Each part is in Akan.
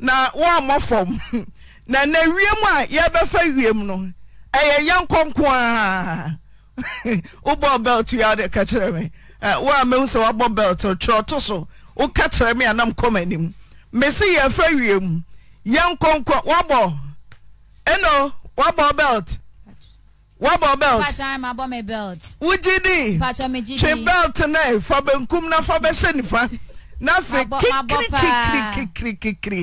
na woammɔfm na na awiɛmu a yɛbɛfa wiemu no ɛyɛ yɛnkɔnkoawlɛwo yɛme se yɛf wm yɛnkɔnko wobɔ ɛno woabɔ bɛlt wb bɛlt wogyiditwe bɛlt ne fa bɛnkum na fa bɛsɛ nnipa n'afɛ kikiri kikiri kikiri kikiri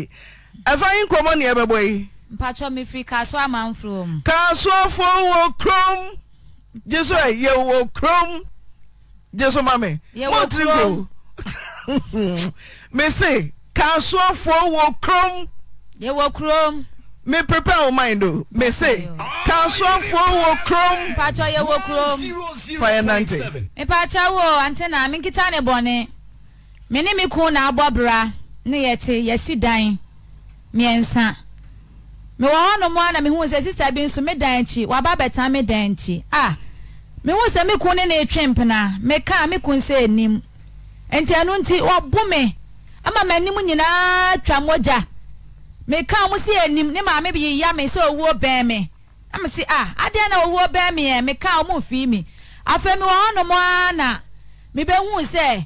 ɛfa yi nkɔmɔ ni ɛbɛbɔ yi. mpatwa mi firi kaso amanfuro mu. kasoafo wo kurom jesu ɛ yɛ wo kurom jesu mami mo tiri ko kaso kasoafo wo kurom. yɛ wo kurom. Me prepare o mind o mesi kasoafo wɔ kurom. mpatwa yɛ wɔ kurom. fire nante. mpatwa wo antena mi nkita ne bɔnne. mene me ko na abɔ bra ne yɛte yɛsi dan mmiɛnsa mewɔ hɔnom a na mehu sɛ sista bi nso me dan akyi waba abɛtena me dan akyi a mehu sɛ me ko ne na etwe mpena meka me ko nsa anim nti ɛno nti wɔbo me ama m'anim nyinaa twa mogya ka mo si anim ne maame bi ya me sɛ owuo bɛn me ama si a adeɛ na owuo bɛn me yɛ meka ɔmo fi mi afei mewɔ hɔnom a na mebɛhu sɛ.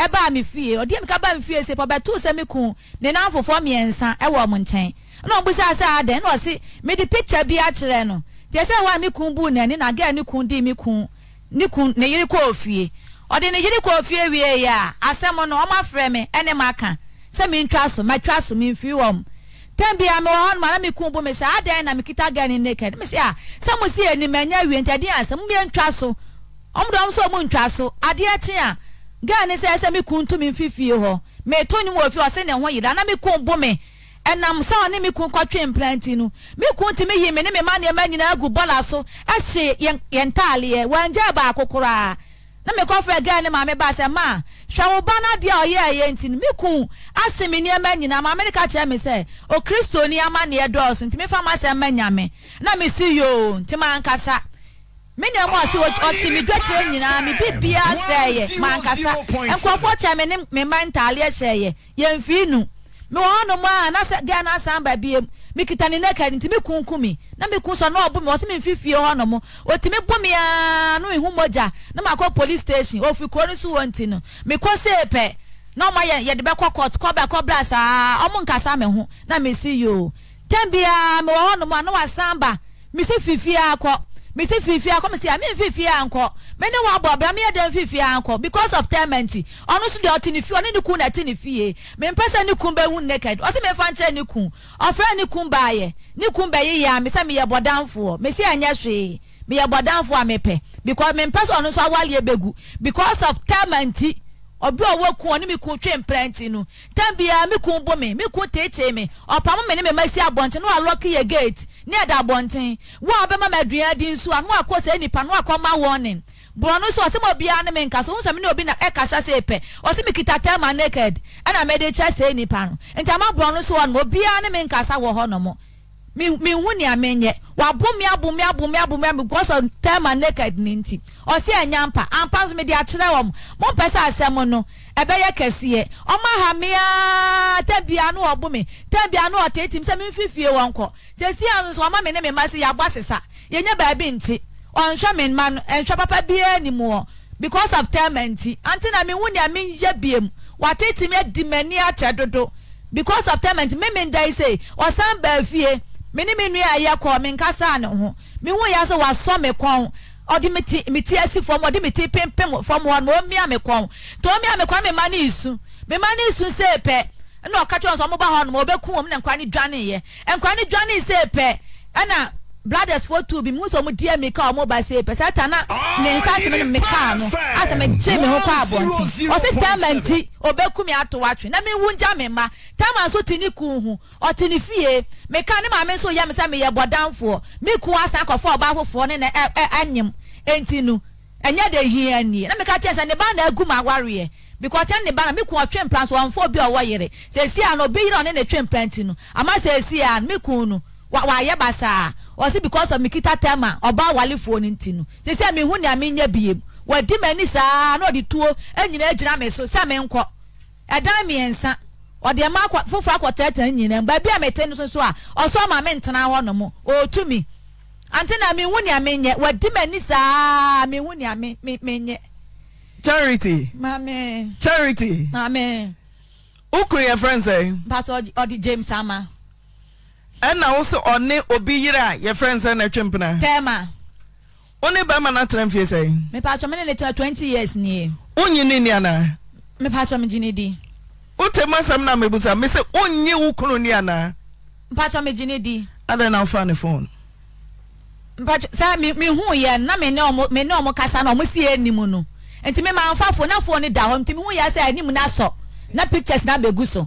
ɛbaa mi fie ɔdi mi ka baa mi fie sɛ pɔbɛtu sɛ mi kun ne nan fofoɔ mmiɛnsa ɛwɔ ɔmo nkyɛn ɛna ɔmo sɛ asɛ adɛ ɛna ɔsi mi di picture bi akyerɛ no tiɛ sɛ wa mi kun bu n'ani na gɛɛ ne kun di mi kun ne kun ne yiri kɔɔ fie ɔde ne yiri kɔɔ fie wie yɛ a asɛm no ɔmo afrɛ mi ɛne ma ka sɛ mi ntwa so ma twa so mi nfi wɔm tɛn bi a mi wɔ na mi kun bu mi sɛ adɛ na mi kita gɛɛ ne naked mi sɛ a sɛ mo si anim ɛnyɛ wie ntɛ di asɛm gaa ne sɛ ɛsɛ mi kun tumi fifie hɔ to ni mu ofi ɔsɛ ne ho yira na mi kun bu mi ɛnam sɛ ɔne mi kun kɔtwe mplanti no mi kun ti mi yi mi ne mi ma nneɛma nyinaa gu bɔla so ɛhye yɛn yɛn ntaaleɛ wɔngye baako koraa na mi kɔfɛ gaa ne maame ba sɛ maa hwɛ wo ba na deɛ ɔyɛ ɛyɛ nti no mi kun ase mi nneɛma nyinaa maame ne ka kyerɛ mi sɛ okristoni ama ni dɔɔso nti mi fa ma sɛ mɛ nyame na mi si yoo nti ma nkasa me na mo ase ɔsi mi dwetire nyinaa mi bi bia sɛ yɛ mankasa nkurɔfoɔ kyɛ me ne me mma ntaaleɛ hyɛ yɛ yɛn fi nu me wɔn no a na gɛɛ na asan ba biem mi kita ne nɛka nti mi kunkun mi na mi kun sɔ na ɔbu mi ɔsi mi nfi fie hɔ nom otimi bu mi aa no ihu mogya na ma kɔ police station ofi kuro ne so wɔ nti no mi kɔ seepɛ na ɔmo yɛ yɛde bɛ kɔ court kɔbɛ kɔbra saa ɔmo nkasa mi ho na mi si yi o tɛn biara mi wɔ hɔ nom a na wasan ba mi si fifia akɔ mesi fifi akɔ mesi ami fifi ankɔ mene wa bɔ abira mi yɛ dɛ fifi ankɔ because of tɛmɛnti ɔno so deɛ ɔte ne fie ɔne ne kun na ɛte ne fie mempɛ sɛ ne kun bɛ hu naked ɔsi mefa nkyɛn ne kun ɔfrɛ ne kun baayɛ ne kun bɛ yeye a mesɛ meyɛ bɔdanfoɔ mesi anyɛ hwee meyɛ bɔdanfoɔ a mepɛ because mempɛ sɛ ɔno nso awaleɛ bɛgu because of tɛmɛnti ọbẹ ọwọ kun ọni mi kun twe mprẹnti no tẹnbia mi kun bomi mi kun tètè mi ọpamọ mi ma si abọnten wa lọki yẹ gate ní ẹ̀dá abọnten wọn abẹ mama aduane di nsu anu akọ sẹ nipa anu akọ warning bùrọ̀nù sọ ọsẹ mọ ni na ẹ kasa sẹ pẹ ọsẹ mi naked nipa ntama bùrọ̀nù sọ ni nkasa wọ nọ mi mi hu ni ame nyɛ wabumi abumi abumi abumi abumi because of terma naked ni nti ɔsi ɛnya mpa ampa nso mi di akyerɛ wɔn mo mpɛ sɛ asɛm no ɛbɛyɛ kɛseɛ ɔmo aha mia tɛbia no ɔbumi tɛbia no ɔteetim sɛ mi nfifie wɔn kɔ tɛsi ano nso ɔmo mi ne mi ma si yabɔ asesa yɛnyɛ baabi nti ɔnhwɛ mi ma no ɛnhwɛ papa biara ni mu wɔ because of terma nti anti na mi hu ni ame Wate biem wateetim edi mɛ ni akyɛ dodo because of terma nti mímí nda yi sɛ ɔsan baa fie me ne me nua ayɛ kɔ me nkasa ne ho me hu ya sɛ wasɔ me kɔn ɔde me ti me ti asi fam ɔde me ti pimpim fam hɔ ma ɔmia me kɔn to ɔmia me kɔn me ma ne isu me ma ne isu sɛ pɛ ɛna ɔka kyerɛ sɛ ɔmo ba hɔ no ma ɔbɛkum wɔn na nkwa ne dwane yɛ nkwa ne dwane sɛ pɛ ɛna brothers fo tu bi mu sọ mu die mi ka ọmọ ba se pẹsẹ ta na ah, ne nsa se mi mi kaa no asa mi gye mi ho kọ abọnti ọsi tẹmẹ nti obeku mi ato watwi na mi wunja mi ma tẹmẹ nso ti ni kun ho ọti ni fie mi ka ne maame nso yẹ mi sẹ mi yẹ bọdanfoɔ mi kun asan kɔfɔ ɔba ahofoɔ ne na ɛ ɛ ɛnyim eti nu ɛnyɛ de hia nie na mi ka kyerɛ sɛ ne ba na egu mu awareɛ because kyɛn ne ba na mi kun ɔtwe mplan so wɔn fo bi ɔwɔ yere sɛ esi ano obi yere ɔne ne twe mplan no ama sɛ esi ano mi kun no basa? basaa ɔsi because of mikita Tema ɔba awalefoɔ ne ti no sisi mi hu nea mi nya bie mu wadi m'ani saa na ɔde tuo enyina egyina mi so sɛ mi nkɔ ɛdan mmiɛnsa ɔde ɛma akɔ foforɔ akɔ tɛɛtɛɛ nyina mu baabi a mi te no so a ɔsɔ ma mi ntena hɔ nom ootu mi ante na mi hu nea mi nyɛ wadi m'ani saa mi hu nea mi mi mi nyɛ. charity. maame. charity. maame. ukun yɛ fɛn sɛ. mpatsɔ ɔdi james ama. ɛna wo sɛ ɔne obi yere a yɛfrɛ n sɛ na twempena tɛma wo ne bɛrima no atena mfie sɛ mepatɔ mene ne tena 20 years nie wonyine ni anaa mepatɔ megye di wotɛmu asɛm no a mebusa me sɛ wonnye wo kunu ni anaa mpatɔ megye di adɛn na wofa ne phone mpatɔ sɛ mehu yɛ na mene ɔmo kasa na ɔmo sie anim no nti mema mfa na no da hɔ nti mehu yɛ sɛ anim no asɔ na pictures no abɛgu so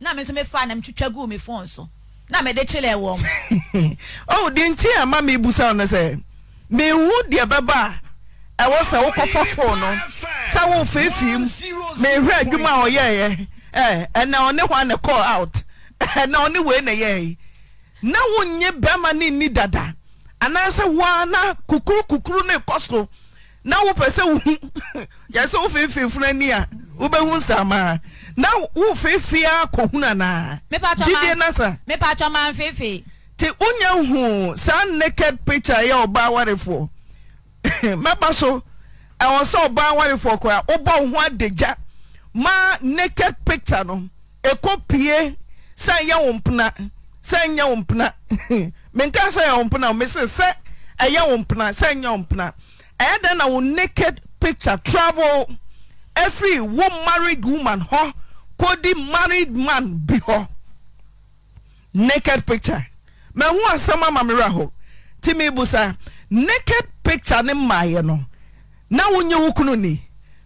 na me nso mefa na metwitwa gu me phone so na mede kyerɛ wɔ m oh de ama a ma mebusa no sɛ mewu deɛ bɛba a ɛwɔ sɛ wokɔfa phone no sɛ wofeefie m mehwɛ adwuma a ɔyɛeɛ ɛna ɔne hɔ a ne call out ɛna ɔne wei na yɛe na wonye bɛrima ne ni dada anaasɛ woa na kukuru kukuru ne kɔ so na wopɛ sɛ wo. yɛ sɛ wofeefie funu ani a wobɛhu nsaamaa na wo feefee a kɔhunu anaagyideɛ na sa nti wonya huu saa naked picture yɛ ɔbaa warefoɔ mɛba so ɛwɔ sɛ ɔbaa warefoɔ koraa wobɔ wo ho adagya ma naked picture no ɛkɔ pie sɛ nyɛ wo mpena sɛ nyɛ wo mpena menka sɛ yɛ wo mpena mese sɛ ɛyɛ wo mpena sɛ nyɛ wo mpena ɛyɛ dɛn na wo naked picture travel Every wo married woman hɔ kodi married man bi hɔ naked picture mɛhu asɛm ama mi ra hɔ timi busa naked picture ne mmaayɛ no na wonye wo kunu ni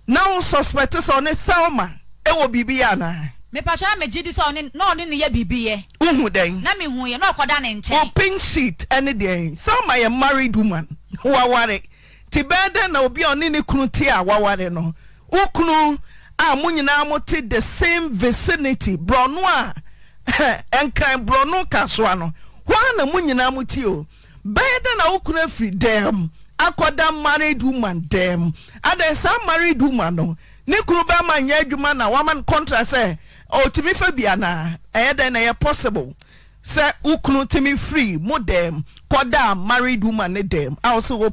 na wo suspect sɛ ɔne thelma ɛwɔ e biribi yɛ anaa mepatwa me gye di sɛ ɔne na ɔne ne yɛ biribi yɛ wohu dɛn na mehu yɛ na ɔkɔda ne nkyɛn ɔpink sheet ɛne deɛ thelma yɛ married woman waware te bɛɛ dɛn na obi a ɔne ne kunu te a waware no wokunu a mo nyinaa mo te the same vicinity borɔno a nkranborɔno kasoa no hɔ arna mo nyinaa mo tio bɛyɛ da na wo kunu afiri dɛm akɔda marid woman dɛɛm adɛn saa mared woma no ne kunu bɛama yɛ adwuma na wamane cɔntra sɛ ɔtumi fa bi anaa ɛyɛ dɛn na ɛyɛ possible sɛ wo knu tumi fri mo dɛɛm kɔdaamarid woma ne dɛmsɔ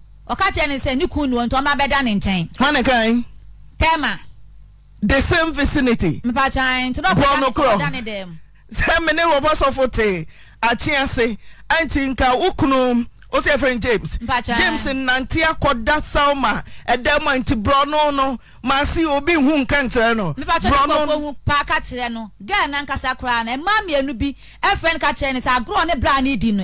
ɔka kyerɛ ne sɛ ne kun nuo nti ɔma bɛda ne nkyɛn. hane kan. tɛma. the same vicinity. mpatsan nti dɔkɔ ɔda ne dɛm. sɛ mene wɔ bɔsɔfo te akyi ase anti nka wokunu o sɛ fɛn james. mpatsan james nante akɔda salma ɛdɛm a nti borɔno no maa si obi hu nka nkyerɛ no. mpatsan kɔkɔ ohun paaka kyerɛ no gɛɛ nankasa koraa na mmaa mmienu bi ɛfɛn ka kyerɛ ne sɛ agorɔ ne bra ne di no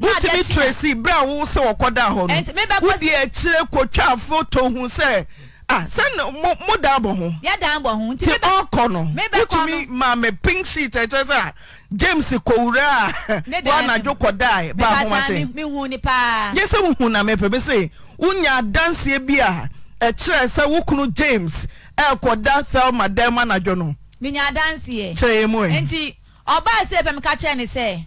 wotumi tracy berɛ a wo sɛ wɔkɔda hɔ no wode akyire kɔtwa foto hu sɛ ah sɛn mo da abɔ ho nti ɔkɔ no wotumi ma pink sheet ɛkyɛ sɛ a james kowura a wɔanadwo kɔdae baahomate gye sɛ wohu na mepɛ me se wonya adanseɛ bi a ɛkyerɛ e sɛ wo kunu james ɛɛkɔda e thelma dɛm anadwo no menya adanseɛ kyerɛ mu ɛ nti ɔbaa sɛ pɛ meka kyerɛ ne sɛ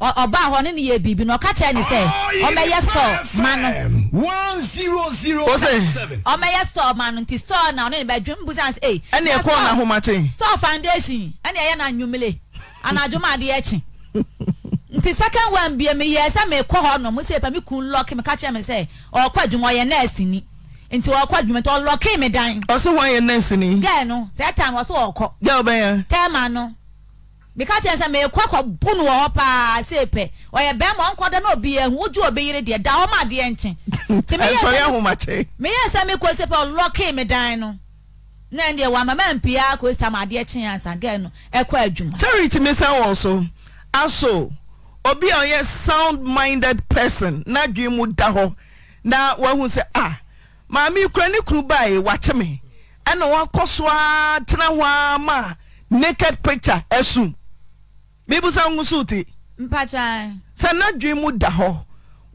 ọba ahọ ne ne yɛ na ɔka kyerɛ store ma one zero zero seven. store ma nti store na ɔne ne bɛ dwem busa ase ee. ɛni ɛkɔ store foundation ɛni na nnwumire anadwomade ɛkyi nti second one bie mi yɛ sɛ mi kɔ hɔ nom sɛ mi kun lɔki mi mi adwuma nti adwuma mi dan. ni. no meka ke sɛ meka kɔbo no w hɔ paa se pɛ yɛ erkyɛre timi nsa wɔ so aso obi a ɔyɛ sound minded person na dwen mu da hɔ na woahu sɛ maa mee kora ne kunu bae wakyeme ɛna wɔakɔ soaa tena ho aa ma naked pictae a mebusa ngu so te sɛ n'adwen mu da hɔ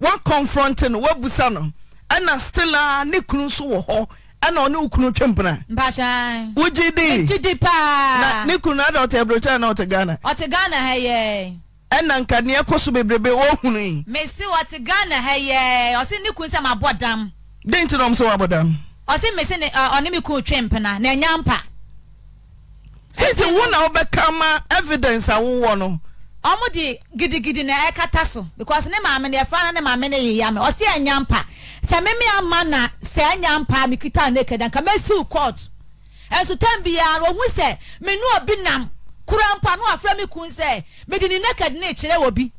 wakɔnfrɔnte no wabusa no ɛna stila ne kunu nso wɔ hɔ ɛna ɔne wo kunu twempena wogye di na ne kunu ada ɔte aburokyɛ na ɔte ghana ɔte ghana ha yɛ ɛna nkaneɛ kɔ so bebrebe wɔhunu yi mesi ɔte ghana ha yɛ ɔse ne kunu sɛ mabɔ dam dɛnti na ɔm sɛ wabɔ dam ɔse mesi ɔne me kunu twempena na ɛnya mpa nti wo na wobɛka ma evidence a wowɔ no ɔmo de gidigidi na ɛkata so because ne maame na ɛfa na ne maame na yiyia me ɔsi ɛnya mpa sɛ mimi ama na sɛ ɛnya mpa mi kita ne kɛdɛ nka mesiw court ɛnso tɛn biara no ohun sɛ menu obi nam kura mpa no afra mi kun sɛ mede ne naked na kyerɛ wọbi. bi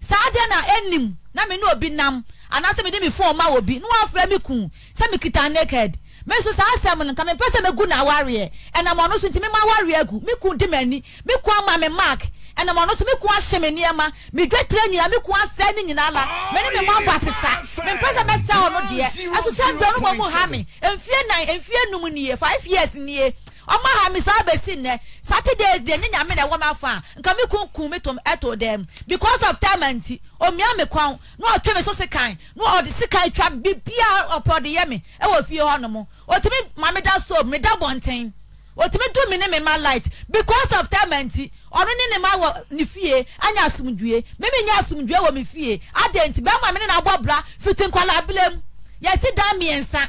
saa deɛ na ɛnim na menu obi nam anaasɛ mede mi fɔn ma wɔ bi no afra mi kun sɛ mi kita naked. me nso saa asɛm no nka mepɛ sɛ megu n'awareɛ ɛnam ɔno so nti mema awareɛ agu me kun di m'ani me kun ama me mark ɛnam ɔno so me kun ahyɛ me nneɛma me dwetire nyinaa me kun asɛe ne nyinaa la me ne me mo abɔ asesa me mpɛ sɛ mɛsɛ ɔno deɛ ɛso sɛ dɔn no wɔ mu ha me mfie nan mfie num nie five years nie ɔmo aha mi saa besi nnɛ Saturday deɛ nye nyame na ɛwɔ ma fa nka mi kunkun mi tom ɛto dɛm because of time nti omia mi kwan na ɔtwe mi so sikan na ɔde sikan twa mi bibia ɔpɔ de yɛ mi ɛwɔ fie hɔ nom otumi maame da stove mi da bɔnten otumi du mi ne mi ma light because of time nti ɔno ne ne ma wɔ ne fie anya asumdue mimi nye asumdue wɔ mi fie adi nti bɛrima mi ne na abɔ bra fiti nkwalaa abilam yɛsi dan mmiɛnsa.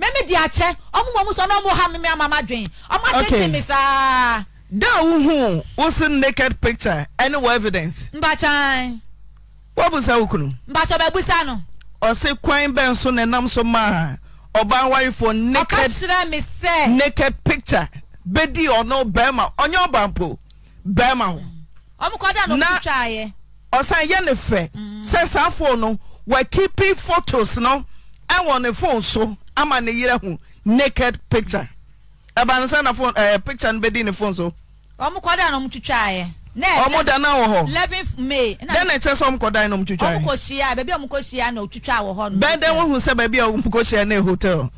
mẹ́mi di àkyẹ́ ọmọ mọ̀ sọ náà mo ha mímí ama ma dwen ọmọ àtẹ̀tẹ̀ mi sáá. dá òhun wosi naked picture ẹni wọ evidence. mbàkyàn. wọ́n busa okunu. mbàkyàn bẹ́ẹ̀ busa no. ọ̀sẹ̀ kwan bẹ́ẹ̀ nso na ẹ̀nam so máa ọba nwáyìfọ naked. ọkà kyerẹ́ mi sẹ́. naked picture bẹ́ẹ̀ di ọ̀nà bẹ́ẹ̀ma ọ̀nyẹ́ ọ̀bà mpo bẹ́ẹ̀ma o. ọmọ kọ́ dà ní ọkùnrin twẹ́ ayẹ. ọ̀sán yẹ́ ne fẹ́ mm. sẹ́ sáfọ̀ no wẹ́ kípi photos no ẹ̀wọ̀n e ne fóònù so. ama ne yerɛ ho naked picture ɛbane na eh, picture no bɛdi ne fon so ɔmo da no wɔ hɔ dɛn na ɛkyɛ sɛ ɔmkɔdan no mtwitwaɛ bɛdɛn wohu sɛ baabi a ɔmkɔhyia ne hotel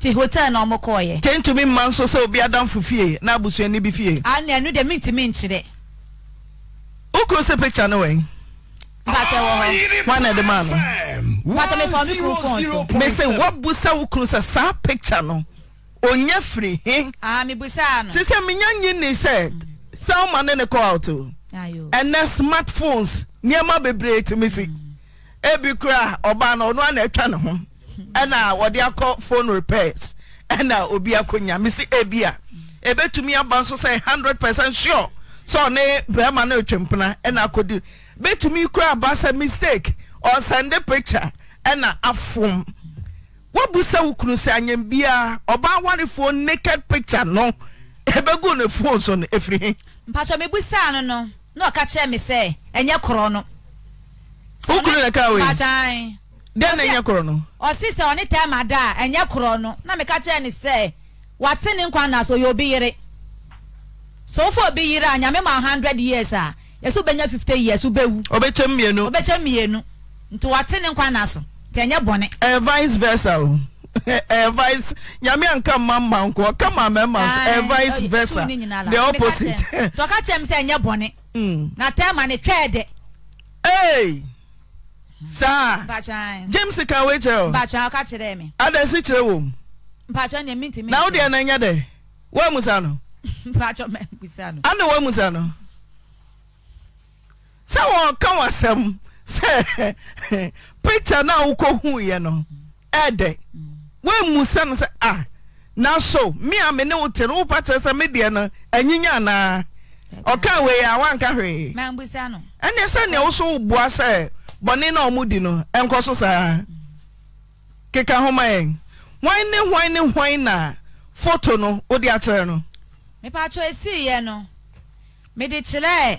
nti hotel na ɔmo kɔɔyɛ. kye ntumi mma nso sɛ obi adamfo fie na abusuani bi fie. a na de mi ntumi nkyerɛ. okoro sɛ picture no wɛn. Pacha wɔ hɔ. Wọn na ɛdi maa no. Pacha mi fa mi kuru fɔn so. Mese wɔbu sawu kuru sɛ saa picture no onye firi he. Aa ah, mi busa ano. Ah, Sise mi nya nyi ni sɛ mm. Selma ne ne call out oh. ah, o. smartphones nneɛma bebree ti mi si. Ebi kura ɔbaa na ɔno ana atwa ne ho. Ɛna wɔde akɔ phone repairs. Ɛna uh, obi akonya mi si ebi a. Ebetumi aba nso sɛ hundred percent sure. Sɛ ɔne bɛrima na otwe mpena ɛna akɔdi. bɛtumi koraaba sɛ mistake ɔsɛnde picture ɛna afom sɛ ɔbaa naked picture no ɛbɛgu ne so no saa no no na ɔka kyerɛ me sɛ ɛnyɛ korɔ no wokunu nɛka wei na ɛnyɛ korɔ no ɔse sɛ ɔne tɛ da ɛnyɛ korɔ no na meka kyerɛ ne sɛ wate ne nkwa na so obi yere so wofo obi yere a nyame ma years a ɛbɛnyasnttn nnɛn advice versa advice eh, nyame nka ma mank kamamamaso advice versalthe positɛ sajames kan wekyeɛ adasikyerɛ womna wode no ɛnyɛ dɛ wmu sanoanemu sa n sɛ wɔka w asɛm sɛ pikta no a wokɔhuuiɛ no ɛdɛ woammu sɛ no sɛ a ah, naso me a me ne wo te no wopa kyerɛ sɛ medeɛ no anyinya anaa ɔka wei a woanka hwee ɛneɛ sɛnea wo so woboa sɛ bɔne na ɔmudi no ɛnkɔ so saa keka homa yɛn hwan ne hwan ne hwan na foto no wode akyerɛ no mepatwɔ ɛsiiɛ no mede kyerɛɛ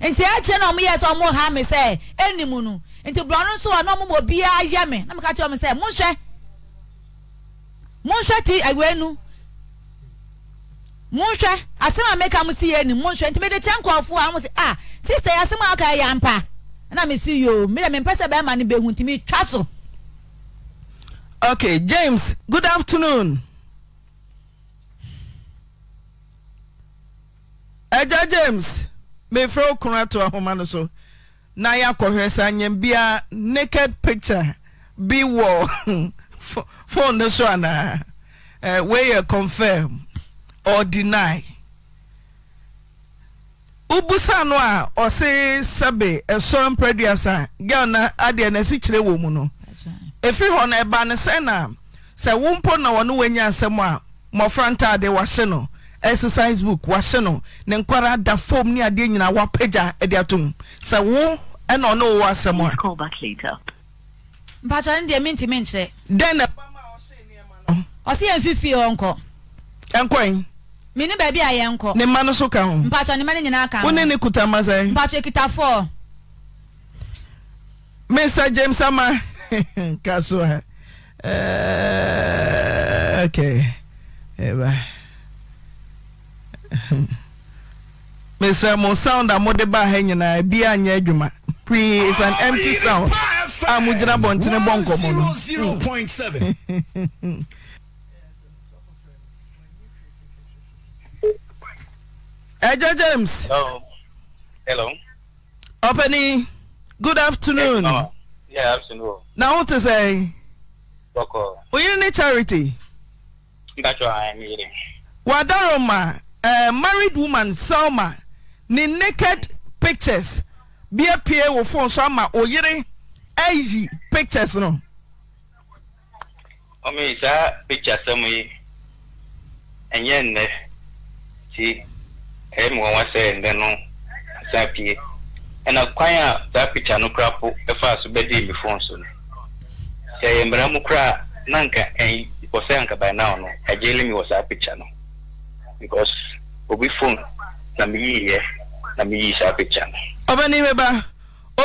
enti ɛkyɛ na myɛ sɛɔmha me sɛ anim no enti bɔn soa n mmɔ biaa yɛ me n ysɛ ti an asɛm a mkamyɛnntimdekyɛfosa ɛasɛmaayaa ah, nam ome mpɛsɛ bɛmanetimtwaso jams ga js mefrɛ wo kunu ato ahoma no so na yɛakɔhwɛ sɛ anyam bia naked picture bi wɔ phone no so anaa weyɛ confirm or deny wobusa no a ɔse sɛbe ɛsɔre gị a na adeɛ no asi kyerɛ wɔ mu no ɛfiri hɔ no ɛba ne sɛ na sɛ wo mpo na wɔne w'anya asɛm a mmɔfra ntaade wɔahye no exercise book wahye no ne nkwara da fom ne adeɛ nyina waapagyea ade ato m sɛ wo ɛnɔɔne wowɔ asɛm a ma so k howonene uamas mesam mesrɛ mo sound a mode baa ha nyinaa ebi anyɛ adwuma pii is an empty sound a mogyina bɔntene bɔ nkɔmmɔ no ɛgya james Hello. Ọpẹni, good afternoon. Yeah, afternoon. Na o ti sẹ́yìn. Bọ́kọ̀. Oyin ni charity. N bá jọ àyàn mi rí. Wà á dárò uh, married woman selma ne naked pictures bi apue wɔ phone so ama oyere ayi pictures no. ọmọ yìí saa pictures sẹ́mu yìí ẹ̀yẹ́ nnẹ́ ti ẹ̀yẹ́ e mi wọ́n wá sẹ́ nnẹ́ no sá pie ɛna kwan a saa picture no kora po ɛfa e so bɛdi mi phone so no sɛ ɛyɛ mmerɛ mu kora na nka ɛyi eh, wɔ sɛ nka no agye lemi wɔ saa picture no because obi phone na mi yi yiiɛ na mi yi saa picture no. ọbẹni bẹba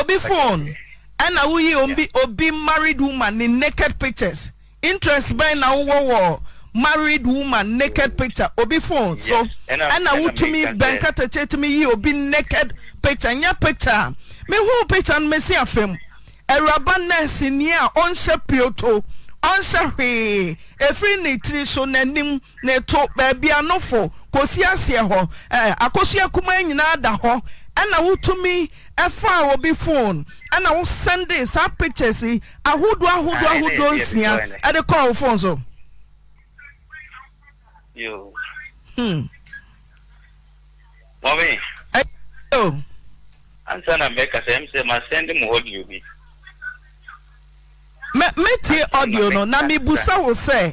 obi phone ẹna woyi obi obi married woman ni naked pictures interest bẹẹ na wọwọ wọ married woman naked picture obi phone so ẹna wotumi bẹnkatẹkyẹ tumi yi obi naked picture nya picture mi hu picture no mi si afẹ mu ẹwuraba nẹẹsi ni a ọ n ṣe pioto ɔnhyɛ hwee efiri ne tiri so n'anim ne to beebi anofo kòsi aseɛ hɔ ɛɛ akosua kuma nyinaa da hɔ ɛna wotumi ɛfa obi phone ɛna wosɛnde saa pictures yi ahodoɔ ahodoɔ ahodoɔ nsia ɛde kɔɔ wo phone so. Hmm. Mọ̀mí. Ẹ ẹ́ o. Ansa na mẹ́ka sẹ́, ẹ̀ mi ma sẹ́ndí mu hó di metie audio no na mi mebusa wo sɛ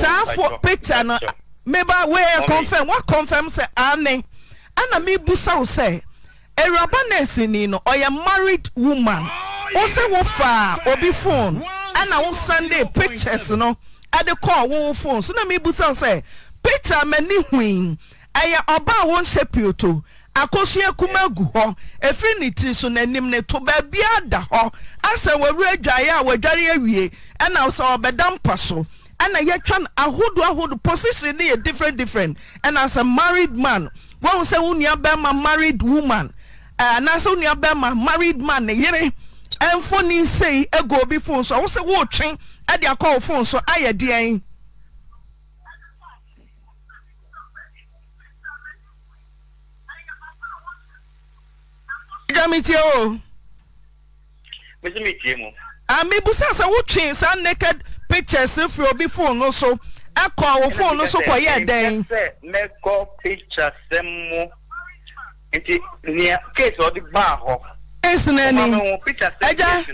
saa fo picture no meba woyɛ confirm wa confirm sɛ ane ana mebusa wo sɛ awuraba nɛɛsini no ɔyɛ married woman wo sɛ wofaa obi phone ana wo sunday pictures no ɛde kɔɔ wo phone so na mebusa wo sɛ picture m'ani hui ɛyɛ ɔba a wonhyɛ pioto akoso akuma gu hɔ ɛfiri ne tiri so n'anim ne to baabiara da hɔ asɛ wɔwura adwaeɛ a wɔadware awie ɛna sɛ ɔbɛda mpa so ɛna yɛtwa no ahodoɔ ahodoɔ position ne yɛ different different ɛna sɛ married man wɔn sɛ wo nua married woman anaasɛ wo nua bɛrima married man ne yere ɛnfoni nsɛyi egu obi fon so ɔwɔ sɛ wɔɔtwe ɛde akɔ wɔn fon so ayɛ agya me tie o. mesi mi tie mu. àmì ibùsà sẹ wotwe saa naked pictures fi obi fóònù so ẹkọ àwọn fóònù so kọ yẹ dẹn. mẹkọ pictures sẹ mu nti ní kéèsì ọdí bá họ. kéèsì náà ni ẹja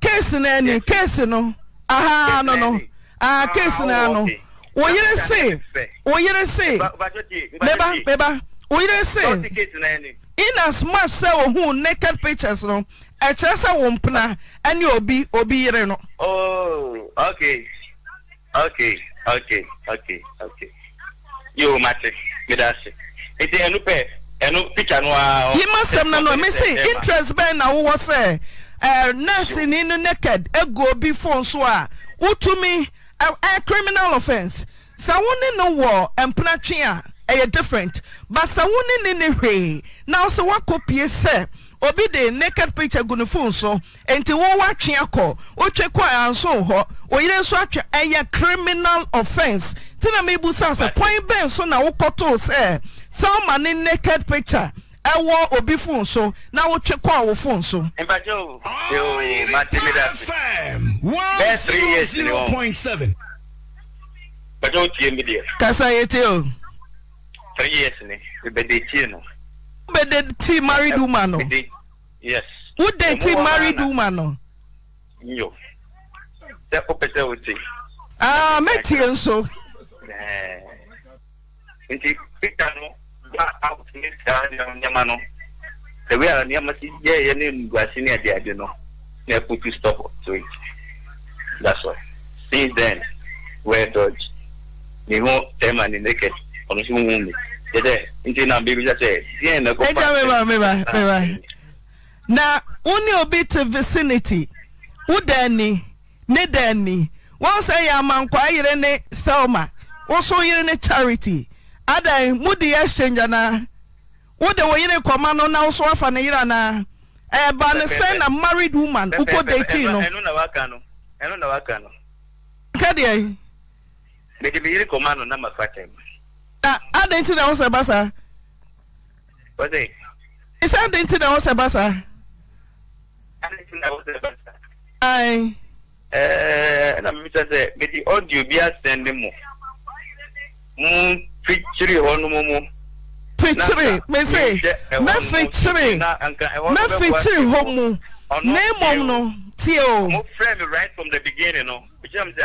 kéèsì náà ni kéèsì no aha no no aha kéèsì náà no wòyere se, wòyere se. bébà bébà wòyere se. In as inasmuch sɛ ohuu naked pictures no ɛkyerɛ sɛ wo mpena ɛne obi obi yere no oh, okay. okay. okay. okay. okay. yo mate medase nti ɛno pɛ ɛno picture no a oh, yima sɛm na no mese eh, interest bɛn na wowɔ sɛ uh, nurse ni no naked egu obi phone so a wotumi ɛ uh, eh, criminal offence sɛ wo ne no wɔ mpena twe a ɛyɛ different basa wo na wo sɛ sɛ obi de naked picture gu ne phone so nti wo woatwe akɔ wotwe kɔ anso hɔ nso atwe ɛyɛ criminal offence nti na mebu sa sɛ kwan bɛn so na wokɔtoo sɛ thelma naked picture ɛwɔ obi so na wotwe kɔ wo phone so. ìbàjẹ́ o o. three years ni ebede tie no. ebede ti married woman no. yes. wo de ti married woman no. nyo sɛ o pɛ sɛ o ti. aa mɛ tie nso. nti peter no ba out ne saa nneɛma no sɛbi a nneɛma si yɛyɛ ne nguase ne adeade no na put you stop to it that's why since then we are dodge ne ho tɛma ne naked. a na ah. wonne obi te vicinity wo da ani ne da ani wɔnsɛ ɛyɛ amankwa yere ne thelma wo so wo yere ne charity adan mode yɛ syangya noa wo de wo yere kɔma no na wo so wafa no yera noa ɛɛba ne sɛn na maried woman wo kɔ da tin noɛka deɛ adịn ti na ọ sịrị basa. Ọdị. Ịsa adịn ti na ọ sịrị basa. Adịn ti na ọ sịrị basa. Ayi. Ee, na mmiri sase, meti ọdịyo bi asịrị mụ. Mụ fitiri ọnụmụ mụ. Fitiri, mesi, e, me fitiri, me fitiri hụ mụ. N'emom nọ, tie o. Mụ frɛ mi right from the beginning nọ, no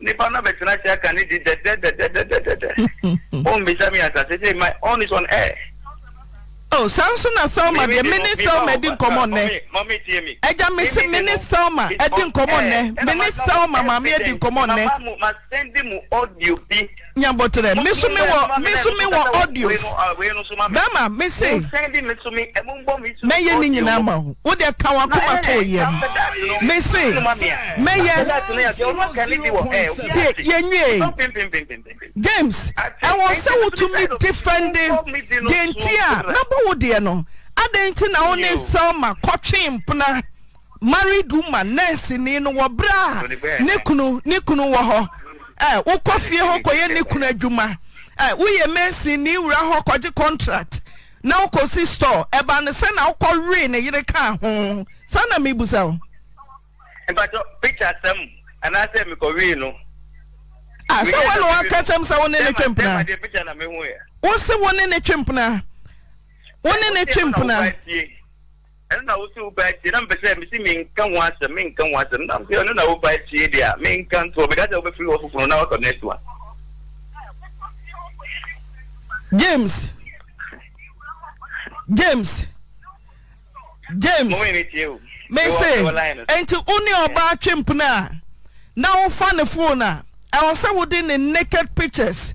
nipa na bɛ tena kyɛ ka ne di dɛdɛdɛdɛdɛdɛ o mbisa mi asase se my own is on air. o san so na selma deɛ me ne selma di nkɔmɔ nnɛ ɛgya me se me ne selma di nkɔmɔ nnɛ me ne selma maame di nkɔmɔ nnɛ. mama mo ma send mu audio bi nyabotire mi ah, so mi wɔ mi so mi wɔ audios bɛrima mi se mɛyɛ ne nyinaa ma ho o de ka wɔn akoma to yɛ mu mi se mɛyɛ eh, tie yɛnwie james ɛwɔ sɛ wotumi difɛndi deɛ nti a n'abɔ wo deɛ no adan nti na wɔn ne selma kɔtwe mpona married woman nɛɛsi no wɔ bra ne kunu ne kunu wɔ hɔ. Eh, wokɔ fie hɔ kɔyɛ ne kunu adwuma eh, woyɛ mensin ne wura hɔ kɔgye contract na wokɔsi store ɛba no sɛ na wokɔ wee ne yere kaa ho saa na mebusa wo mpatɔ picture sɛm anaasɛ mekɔwee no ah, sɛ wo ne woaka kyɛm sɛ wo ne ne twempena wo se wo ne ne twempena wo ne ne twempena ɛno na wosi ba akyi na mpɛ sɛ mesi menka ho asɛm menka ho asɛm na mpe ɔno na wo ba akyi deɛ a menka ntoɔ meka sɛ wobɛfiri hɔ foforɔ na wakɔ no atua james james james mese nti wo ne ɔbaa twe mpena a na wofa ne phone a ɛwɔ sɛ wode ne naked pictures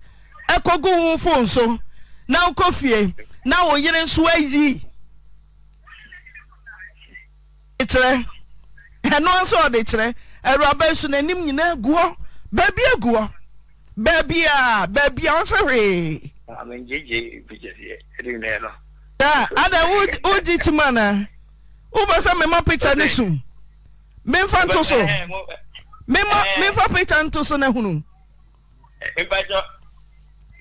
ɛkɔgu wo phone so na wokɔ fie na wo yere nso ayi kyerɛ ɛno nso ɔde kyerɛ awuraba nso n'anim nyinaa gu hɔ baabi egu hɔ baabi a baabi a ɔnsɛ hwee. maame ah, gyegye pikyaseɛ ɛde nyinaa no. daa ada wogye kyima na wobɛ sɛ mema pikya ne sum memfa nto so eh, mema eh. memfa pikya nto so na hunu. Eh, mpatsɔ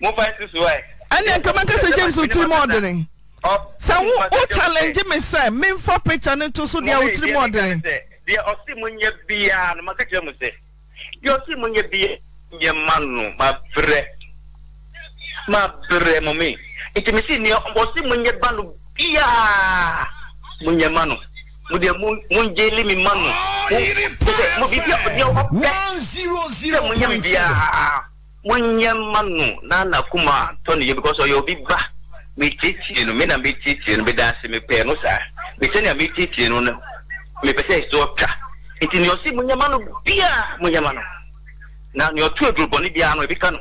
mo ba nsusu wa. ɛnni nkama nkasa james tiri mu ɔdini sɛ wo o challenge me sɛ memfa picture no to so deɛ wotiri mu ɔden deɛ ɔse mu nyɛ biaa no maka kyerɛ mu sɛ deɛ ɔse mu nyɛ bia nyɛ ma no mabrɛ mabrɛ mo me nti mesi neɛ ɔse mu nyɛ ba no biaa mu nyɛ ma no mo deɛ mongye li me ma no oh, mo biribia deɛ ɔpɛ sɛ monyɛ me biaa monyɛ ma no na nakoma tɔ ne yɛ because ɔyɛ obi ba metietie no me na metietie no meda ase mepɛɛ no saa mesɛnea metietie no no mepɛ sɛ ɛsɛ ɔtwa nti nea ɔse monyama no biaa monyama no na nea ɔto adurubɔne biara no ɛbɛka no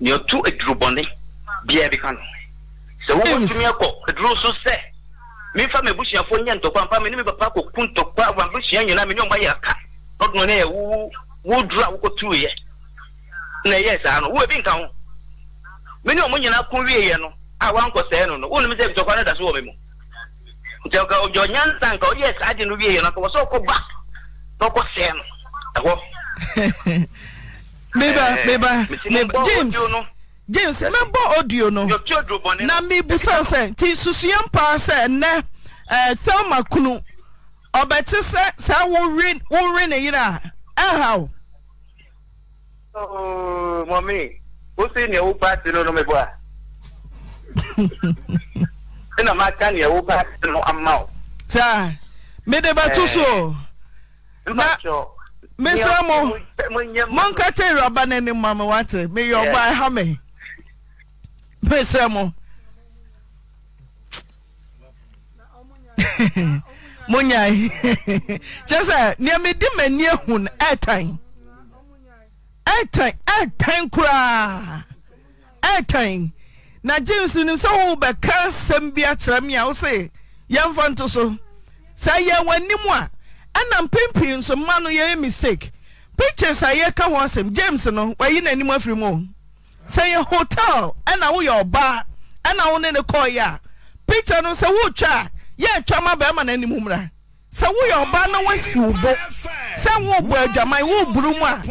nea ɔto adurubɔne biara ɛbɛka no sɛ wowɔtumi akɔ aduro so sɛ mefa mabusuafoɔ nyɛ ntɔkwa mpa me ne mi papa akɔku ntɔkwa mabusua nyinaa me ne ɔma yɛ aka ɔdono ne yɛ woduru a wokɔtuoeɛ na ɛyɛ saa no wo ebi nka ho mene ɔmo nyinaa ko wieɛ no a wankɔ sɛɛ no no wonom sɛ ntɔkwa no da so wɔ me mu nti ɔka ɔgya ɔnyansa nka ɔyɛɛ adị nri no wieɛ eh, no wɔ sɛ ɔkɔ ba na ɔkɔ sɛɛ no ɛhɔ james james mebɔ audio no na mebusa sɛ nti susua mpaa sɛ nnɛ eh, thelma kunu ɔbɛte sɛ saa wowere ne yerɛ a ɛhaw eh, oh, mɔmee wosi nea wo paati no no mebɔ a ɛna maka nea wo paati no ama wo saa mede bɛto so na mesrɛ mo monka kyɛ awuraba no anim ma me wate meyɛ ɔba ɛha me mesrɛ mo monyae kyɛ sɛ nea medi m'ani ahu no ɛɛtan ɛɛn koraa ɛtan na james nom sɛ wowo bɛka asɛm bi akyerɛ me a wo se yɛmfa nto so sɛ ɛyɛw'anim a ɛna pɛnpii so ma no yɛɛ mistake pitae sa yɛka hɔ asɛm james no wayi nonim afiri mu sɛ yɛ hotel ɛna woyɛ ɔbaa ɛna wo ne nekɔyɛ piata no sɛ woretwa yɛtwa mabma nnm sɛ woyɛ ɔbaa na woasi wo bo sɛ wobɔ adwaman woburu mu a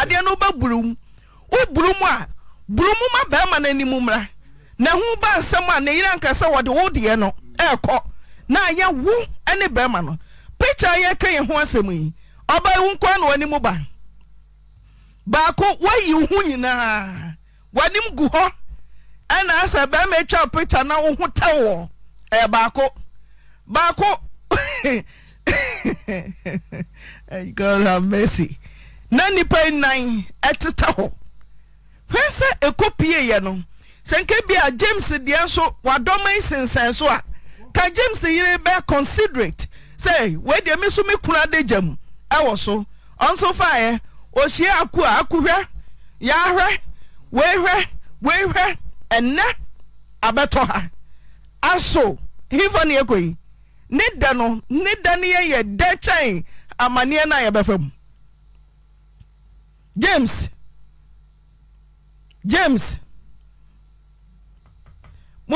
adeɛ no wobɛburu mu woburu mu a buru mu ma bɛrima no anim mmra na ho ba nsɛm a ne yere anka sɛ wɔde wo deɛ no ɛɛkɔ na anyɛ wo ne bɛrima no pikya yɛka yɛ ho asɛm yi ɔbaa wo nkɔ na w'anim ba baako woayi wo ho nyinaa w'anim gu hɔ ɛna bɛrima atwa pikya na wo ho tɛwɔ ɛyɛ baako baako god have mercy na nipa nnan ɛteta hɔ hwɛn sɛ ekopie yɛ no sɛnke bi a james deɛ nso wadɔm yi sensɛn so a ka james yere bɛ considerate sɛ wɔde mi so mi kura de gyam ɛwɔ so ɔnso faayɛ ohyia aku a akuhwɛ yahwɛ wɔehwɛ wɔehwɛ ɛnɛ abɛtɔ ha aso hifɔ ne ekɔ yi. ne d none dɛ n yɛyɛ dɛ kyɛn amanneɛ no ayɛbɛfa mu ams jamefra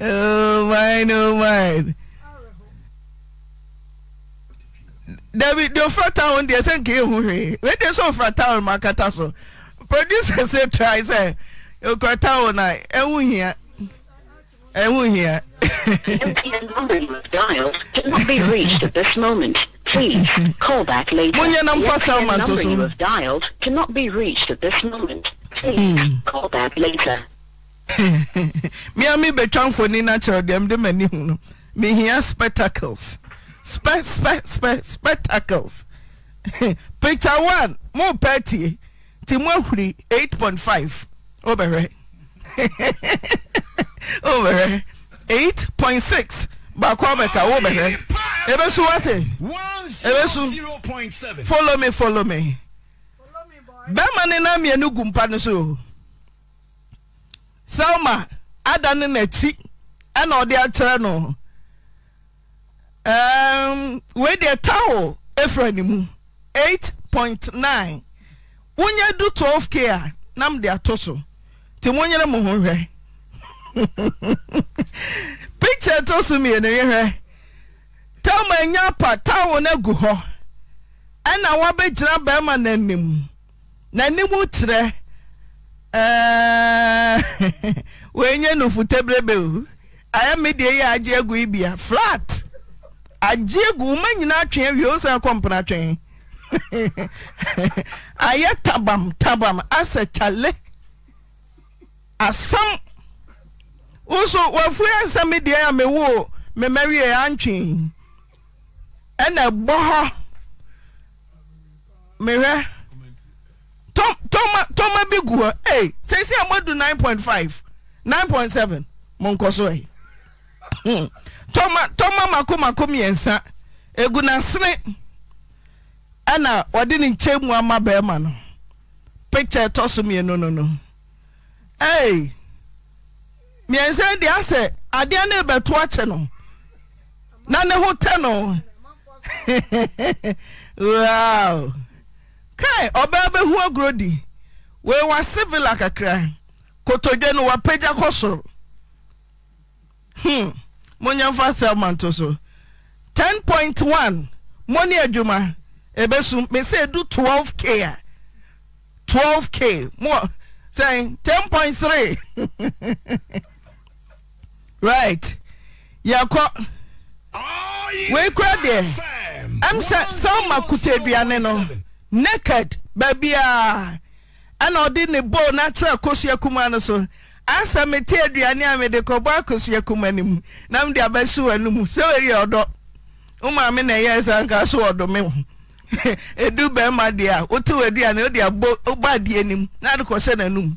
oh, oh, town deɛ sɛɛɛho wɛe e sɛofra town makata so produser sɛ t sɛ kra towena ɛho hia Everyone here. MTN number you have dialed cannot be reached at this moment. Please hmm. call back later. the number you have dialed cannot be reached at this moment. Please call back later. me and me betwam for Nina Chodem Me here spectacles. Spe, spe, spe, spectacles. Picture one, more petty. Timothy 8.5. Obere. o oh, bɛhwɛ eight point six baako abɛka o oh, bɛhwɛ ebesu wate ebesu follow me follow me bɛrima ne nan mmienu gu mpa no so selma ada ne n'akyi ɛna ɔde akyerɛ no um, wei deɛ towel efura ne mu eight point nine wonye do twelve k a nam di ato so. nti monyere mo ho hwɛ pikya to so mmienu hwehwɛ tama anya pa tawo no agu hɔ ɛna woabɛgyina barima n'anim n'anim kyerɛ wɔanya nofutaberɛbɛ o ayɛ me deɛ agye egwu yi bia flat agye egwu woma nyinaa twe awie san ayɛ tabam tabam asɛ kyale asam nso wafue asam deɛ a mewo memarie antwe ɛna ɛbɔ hɔ mehwɛ tɔma Toma, bi gu hɔ ee sɛsi a mo du nine point five nine point seven mo nkɔ so yi hmm. tɔma tɔma mako mako mmiɛnsa egu n'asene ɛna wɔde ne nkyɛn mu ama bɛrima no picture ɛtɔ so mmienu no no. no. e miɛnsɛ deɛ asɛ adeɛ ne ɔbɛtoa kyɛ no na ne ho tɛ no wow kae ɔbaa bɛhu agorɔdi wɔiwɔ acivilakakra kɔtodwa no wapagya kɔ soro h hmm. monymfa asɛmanto so 10.n1 mɔ ne adwuma ɔbɛsum me sɛ edu 2 k a 2 k mo sɛn 10.3 right yɛkɔ wei kora deɛ ɛm sɛ salma kutaduane no naked baabiaa ɛna ɔde ne bol no akyerɛ akosua kuma no so ansa mete aduane a mede kɔbɔ akosua kuma no mu na mede abɛsi w'ano mu sɛ wɔri ɔdɔ womaame na ɛyɛ sanka so ɔdome edu bɛrima deɛ a wote w'aduane dị abɔ adeɛ na ade kɔhyɛ n'anum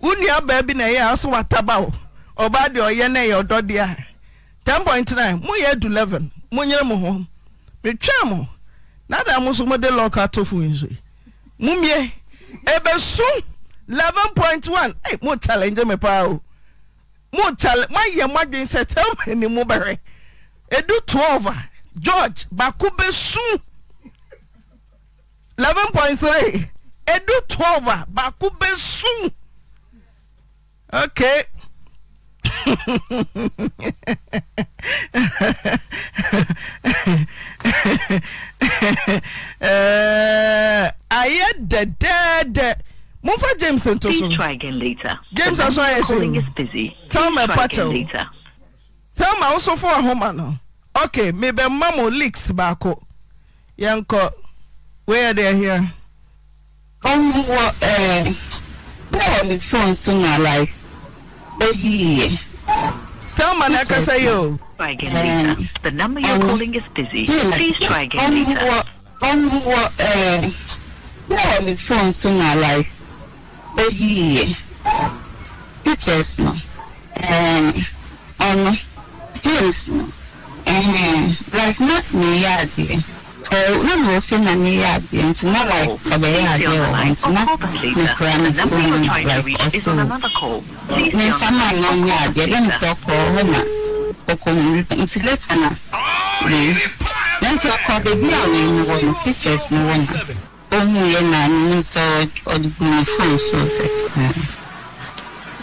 wo nua baa bi na ɛyɛ a so wataba wo na ɛyɛ ɔdɔ deɛ a ten point nine moyɛ adu eleven monyere mo ho metwaa mo na da mo so mode lɔk atofo nso mumie point one mo challenge me paa o mo challenge mo adwene sɛ tell me ni mo bɛrɛ edu twelve a george baako 3 tba baak bɛsyɛ ɛ momfa james nɛɛwmwoofo homa no mebɛ ma mo leas baak where they here? Um, well, uh, there the phone sooner, like, baby. Someone I can say you. Try again later. Um, the number you're um, calling is busy. Please try again uh, uh, um, later. Um, well, uh, there the phone sooner, like, baby. Pictures, no. Um, um, things, no. Uh, like, not me, yeah, dear. na mmerɛ sɛ na meyɛ adeɛ nti na like ɔbɛyɛ adeɛ wɔ hɔ nti na mekura me phone like ɔso ne nsa ma na ɔnyɛ adeɛ dɛ mesɛ ɔkɔɔ hɔ na ɔkɔmu nti later na nanso ɔkɔɔ baabi a wɔani wɔ no pictures no wɔ no ɔhuyɛ na nenim sɛ ɔde gu ne phone so sɛ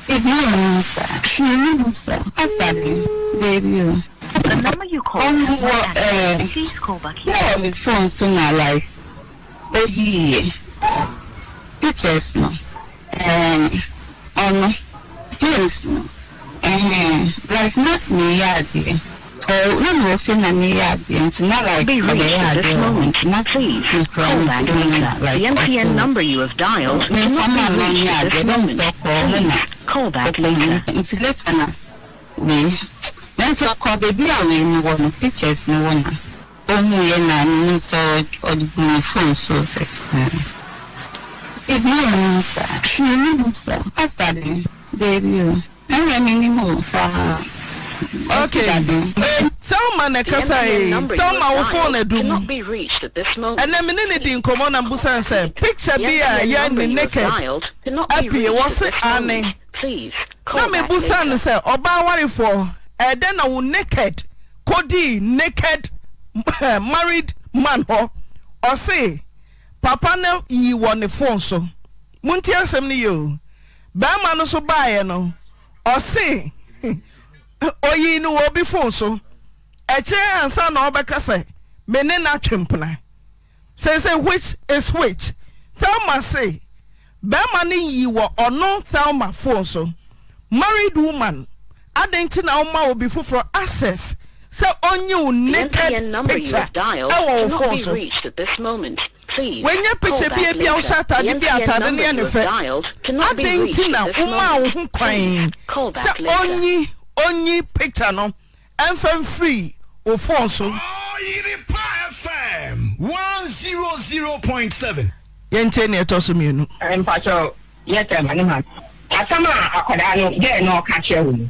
ebi ɔnim saa ɛnim saa asa bi baabi o The number you call Please call back here. Yeah, my phone so my life. Baby, pictures no. Um, on things no. Um, like not me Oh, no, no, send me yard. It's not like be reached at this moment. Not please call back later. the MTN number you have dialed cannot be reached at this moment. Please call back later. It's later now. We. nso kɔ beebi a wɔn wɔ no pictures no wɔ no ɔmo yɛ na ne nso ɔde gu ne phone so sɛ ebi yɛ ne nsa ne ne nsa pasta de deebi o ɛwɛ ne ne mu paa. Okay. Selma na kasa yi. Selma wo phone na Ɛnna mi ne ne di nkɔmɔ na mbusa nsɛ. Picture bi a yɛ ne naked. Apie wɔ se ane. Na mi busa ne ɔbaa awarefoɔ. ɛɛdɛn eh, na wo naked kodii naked maried man hɔ ɔse papa no yii wɔ ne fon so monti asɛm no yo barima no so baeɛ no ɔse oyii no wɔ bi fo so ɛkyiɛ ansa na ɔbɛka sɛ me nne no atwempena seise which is which thelma se barima no yii wɔ ɔno thelma foso maried woman adịn nti na ọma obi foforọ access sị onye wụ naked picture ɛwɔ wọ fon so wonye picture bi ebi awụsa atade bi atade na ya n'efe adịn nti na ọma ahụhụ kwan sị onye onye picture no mfem free wọ fon so. Yiripa FM one zero zero point seven. yɛn nkyɛn na ɛtɔ ma ne ma asam a akwadaa no dɛɛ na ɔka kyerɛ wɔn.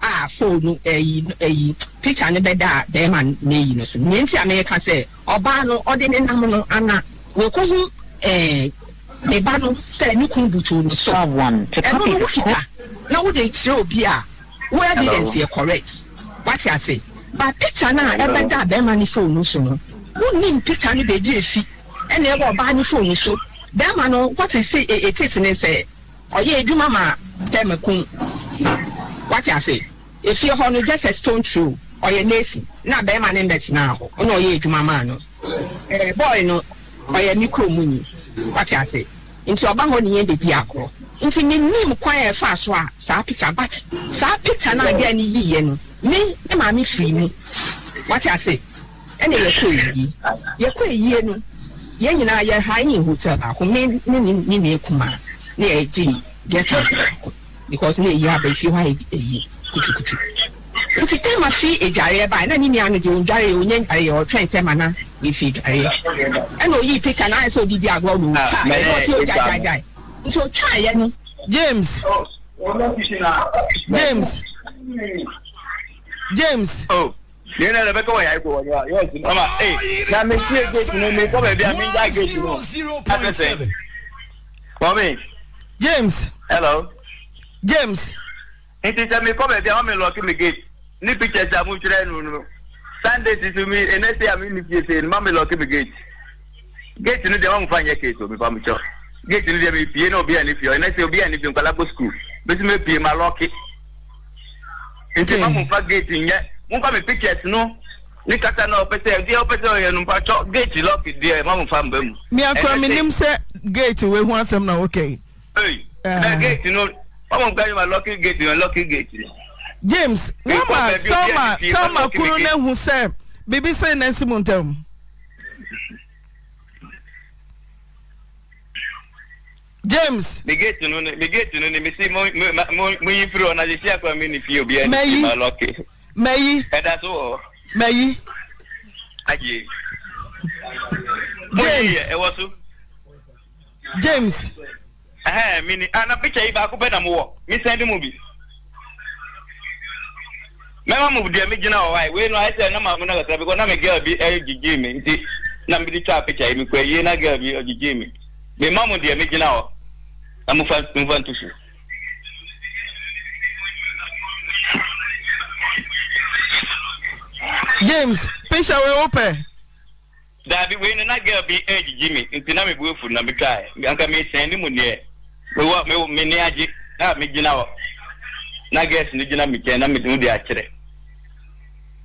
a phone ɛyi eh, ɛyi eh, picture no bɛda a bɛrima no ɛyi no so nea nti a mɛka sɛ ɔbaa no ɔde ne nam no ana wɔkɔ ho ɛɛ ne ba no sɛ ne kun butu no so ɛno no wokita na wode kyerɛ obi a wo evidence yɛ correct wate ase ba picture no a ɛbɛda a bɛrima no phone so no wonnim picture no baabi efi ɛna ɛwɔ ɔbaa no phone so bɛrima no wɔte se etis ne sɛ ɔyɛ edwuma ma tɛmɛ kun wate ase. efie hɔ no just a stone throw ɔyɛ nesi na bɛrima ne mbɛtena hɔ ɔna ɔyɛ adwuma maa no ɛɛ bɔɔl no ɔyɛ ne kurom yi wate ase nti ɔba hɔ ne yɛn bɛdi agorɔ nti ne nim kwan a ɛfa so a saa pita bat saa pita no adeɛ ne yiiɛ no ne ne maame firi mu wate ase ɛna yɛkɔ eyi yɛkɔ eyi no yɛn nyinaa yɛ ha ɛyɛ hotel baako ne ne ne ne nua kuma ne yɛ gye yɛ sɛ ɔtɛ baako because ne eyi abɛfi hɔ a eyi. kutukutu nti tẹ́ẹ̀mà fi ìdwareɛ báyìí náà ní ní àná deɛ òdwareɛ ònyɛ ndwareɛ ɔtwɛn tẹ́ẹ̀mà náà efi ìdwareɛ ɛnna oyi picture náà ayɛ sɛ odidi agorɔ ló wò twa ɛnna ɔsi ogya gyagya nti otwa ayɛ no. james james james. Oh yẹn náà lẹbẹ kọwọ yà ikú wọn yà yọ ọsùn ọmọ ee na mi sí egéètì ní mi kọbẹ bí i àmì ìjà egéètì náà james. hello. james nti sɛ mekɔ baabi a ɔme lɔke me gate ne pictures a motwerɛ no no sunday ti so mi ɛnɛ a mene fie sei no ma me lɔke me gate gate no deɛ wamfa nyɛ kee so mefa mekyɛ gate no deɛ mepie na obia ne fie ɛnɛ sɛ obia ne fie nkwala kɔ school bɛsi mepie ma lɔke nti ma momfa gate nyɛ momfa me pictures no ne kasa na ɔpɛ sɛ deɛ ɔpɛ sɛ ɔyɛ no gate lɔke deɛ ma momfa mba mu meakora menim sɛ gate wehu asɛm na wokɛi ah. na gate no wọ́n mọ̀ ma lucky gate yẹn lucky gate james wọ́n ma thelma kunu ne hu sẹ́ bíbí sẹ́yìn náà sì tẹ̀ mu. james. mi gate nu ni mi gate nu ni mi si mo mo mo yin firi ọ̀nà yìí sí àpò mi ni fi òbí ẹni sí ma lucky. mẹ́yì. ẹ̀dá tó wọ̀. mẹ́yì. ajé. james. mo yí ẹ wọ́n tún. james. james ɛhɛn mi ni ana ah, picture yi baako bɛ na mo wɔ mi sɛn di mu bi mɛma mu deɛ mi gyina wɔ wa yi wei no ayɛ sɛ ɛnam amu na kasa bi kɔ na mi girl bi ɛyɛ gyigyi mi nti na mi di twa picture yi mi kɔ yie na girl bi ɔgyigyi mi mi ma mu deɛ mi gyina wɔ na mo fa mo fa ntusu. james picture o wopɛ daabi wei no na girl bi ɛyɛ gyigyi mi nti na mi bu efu na mi twa yɛ nka mi sɛn di mu deɛ mewɔ mewɔ me ni agye na me gyina hɔ na gɛs no gyina me kyɛn na me mu de akyerɛ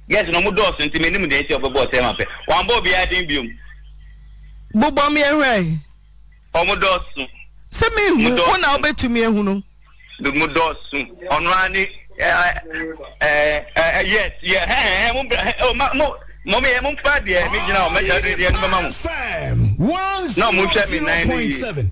gɛs no mo dɔɔso nti me nim deɛ nti ɔbɛbɔ ɔsɛn ma pɛ wɔn abɔ obiara den biom. bubɔ mi ɛhwɛ yi. ɔmo dɔɔso. sɛ mi hu wọn na ɔbɛtumi ehunu. mo dɔɔso ɔno ani ɛɛ ɛɛ ɛɛ yes yɛ hɛn hɛn mo bɛ ɛ ma mo mo mi yɛ mo nfa deɛ mi gyina hɔ mɛ gya de deɛ no bɛ ma mo. na mo hwɛ mi nan ne yie.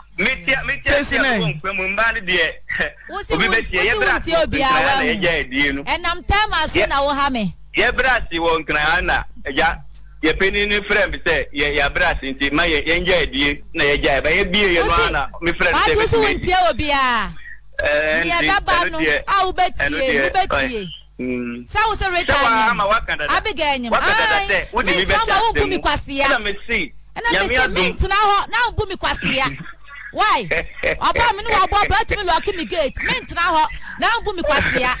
ɛnam tɛma so na wo ha me me sɛ yɛabrɛ ase nti ma yɛngya adie na yɛgya ɛba yɛbie yɛ no ana e, e. mm. me frɛ me sɛ wontie obiaa deɛ bɛba no a wobɛtie wobɛtie sɛ wo sɛ reta nyim abigail nyim ayi why ọba mi ni wà bọ ọba tí mi lọkì mi gate mi n tena hɔ náà n bu mi kwasi ya.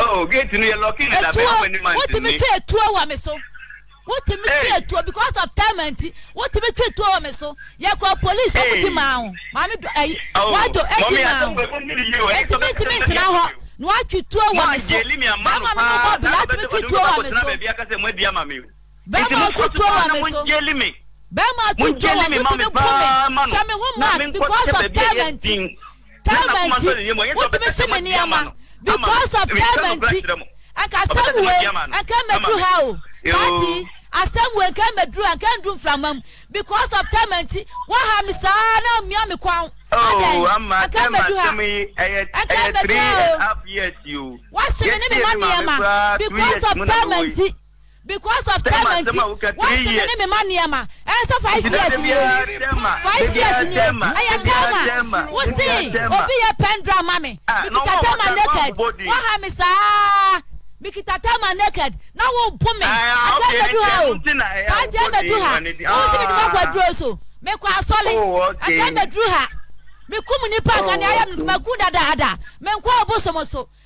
oh gate ni yɛ lọkì ni labɛn wọn ni ma n tini. wọ́n ti mi tún etuo wà mí so wọ́n ti mi tún etuo because of payment wọ́n ti mi tún etuo wà mí so yẹ kọ́ police wọ́n di maa ho maami ẹyi wọ́n do ẹdi maa ho ẹti mi ti mi tena hɔ ni wọ́n ti tuo wà mí so bẹ́ẹ̀ ma mi bọ̀ bìlá ti mi tún tuo wà mí so bẹ́ẹ̀ ma o tún tuo wà mí so bẹẹma tuntun wọn tuntun ni bọmi sami human because of talent talent wotumi si mi nneɛma because of talent anka asɛm wee anka mɛdu ha o paati asɛm wee nka mɛdu ha nka ndu nframa mu because of talent waha mi saa na mmea mi kwan adan nka ha nka mɛdu ha o wasi mi ni oh, mi ma nneɛma because of talent because of tenant wọ́n sì ní mímá nìyẹ̀mà ẹ̀ sọ five years ni five years ni ẹ̀ yẹ tẹ́ẹ̀mà wọ́n sì obi pen pendra mami mikita tẹ́ẹ̀mà naked wọ́n hà mí sáá mikita tẹ́ẹ̀mà naked náà wọ́n bú mi àtẹ́ẹ̀mà du ha o àtẹ́ẹ̀mà du ha wọ́n sì mi dùn mọ́kọ̀ dúró so mi kọ́ asọ́lé àtẹ́ẹ̀mà du ha mi kú mu nípa àgbà ni ayé mi kú dáadáa mi kú ọ̀bùsùnmùsùn.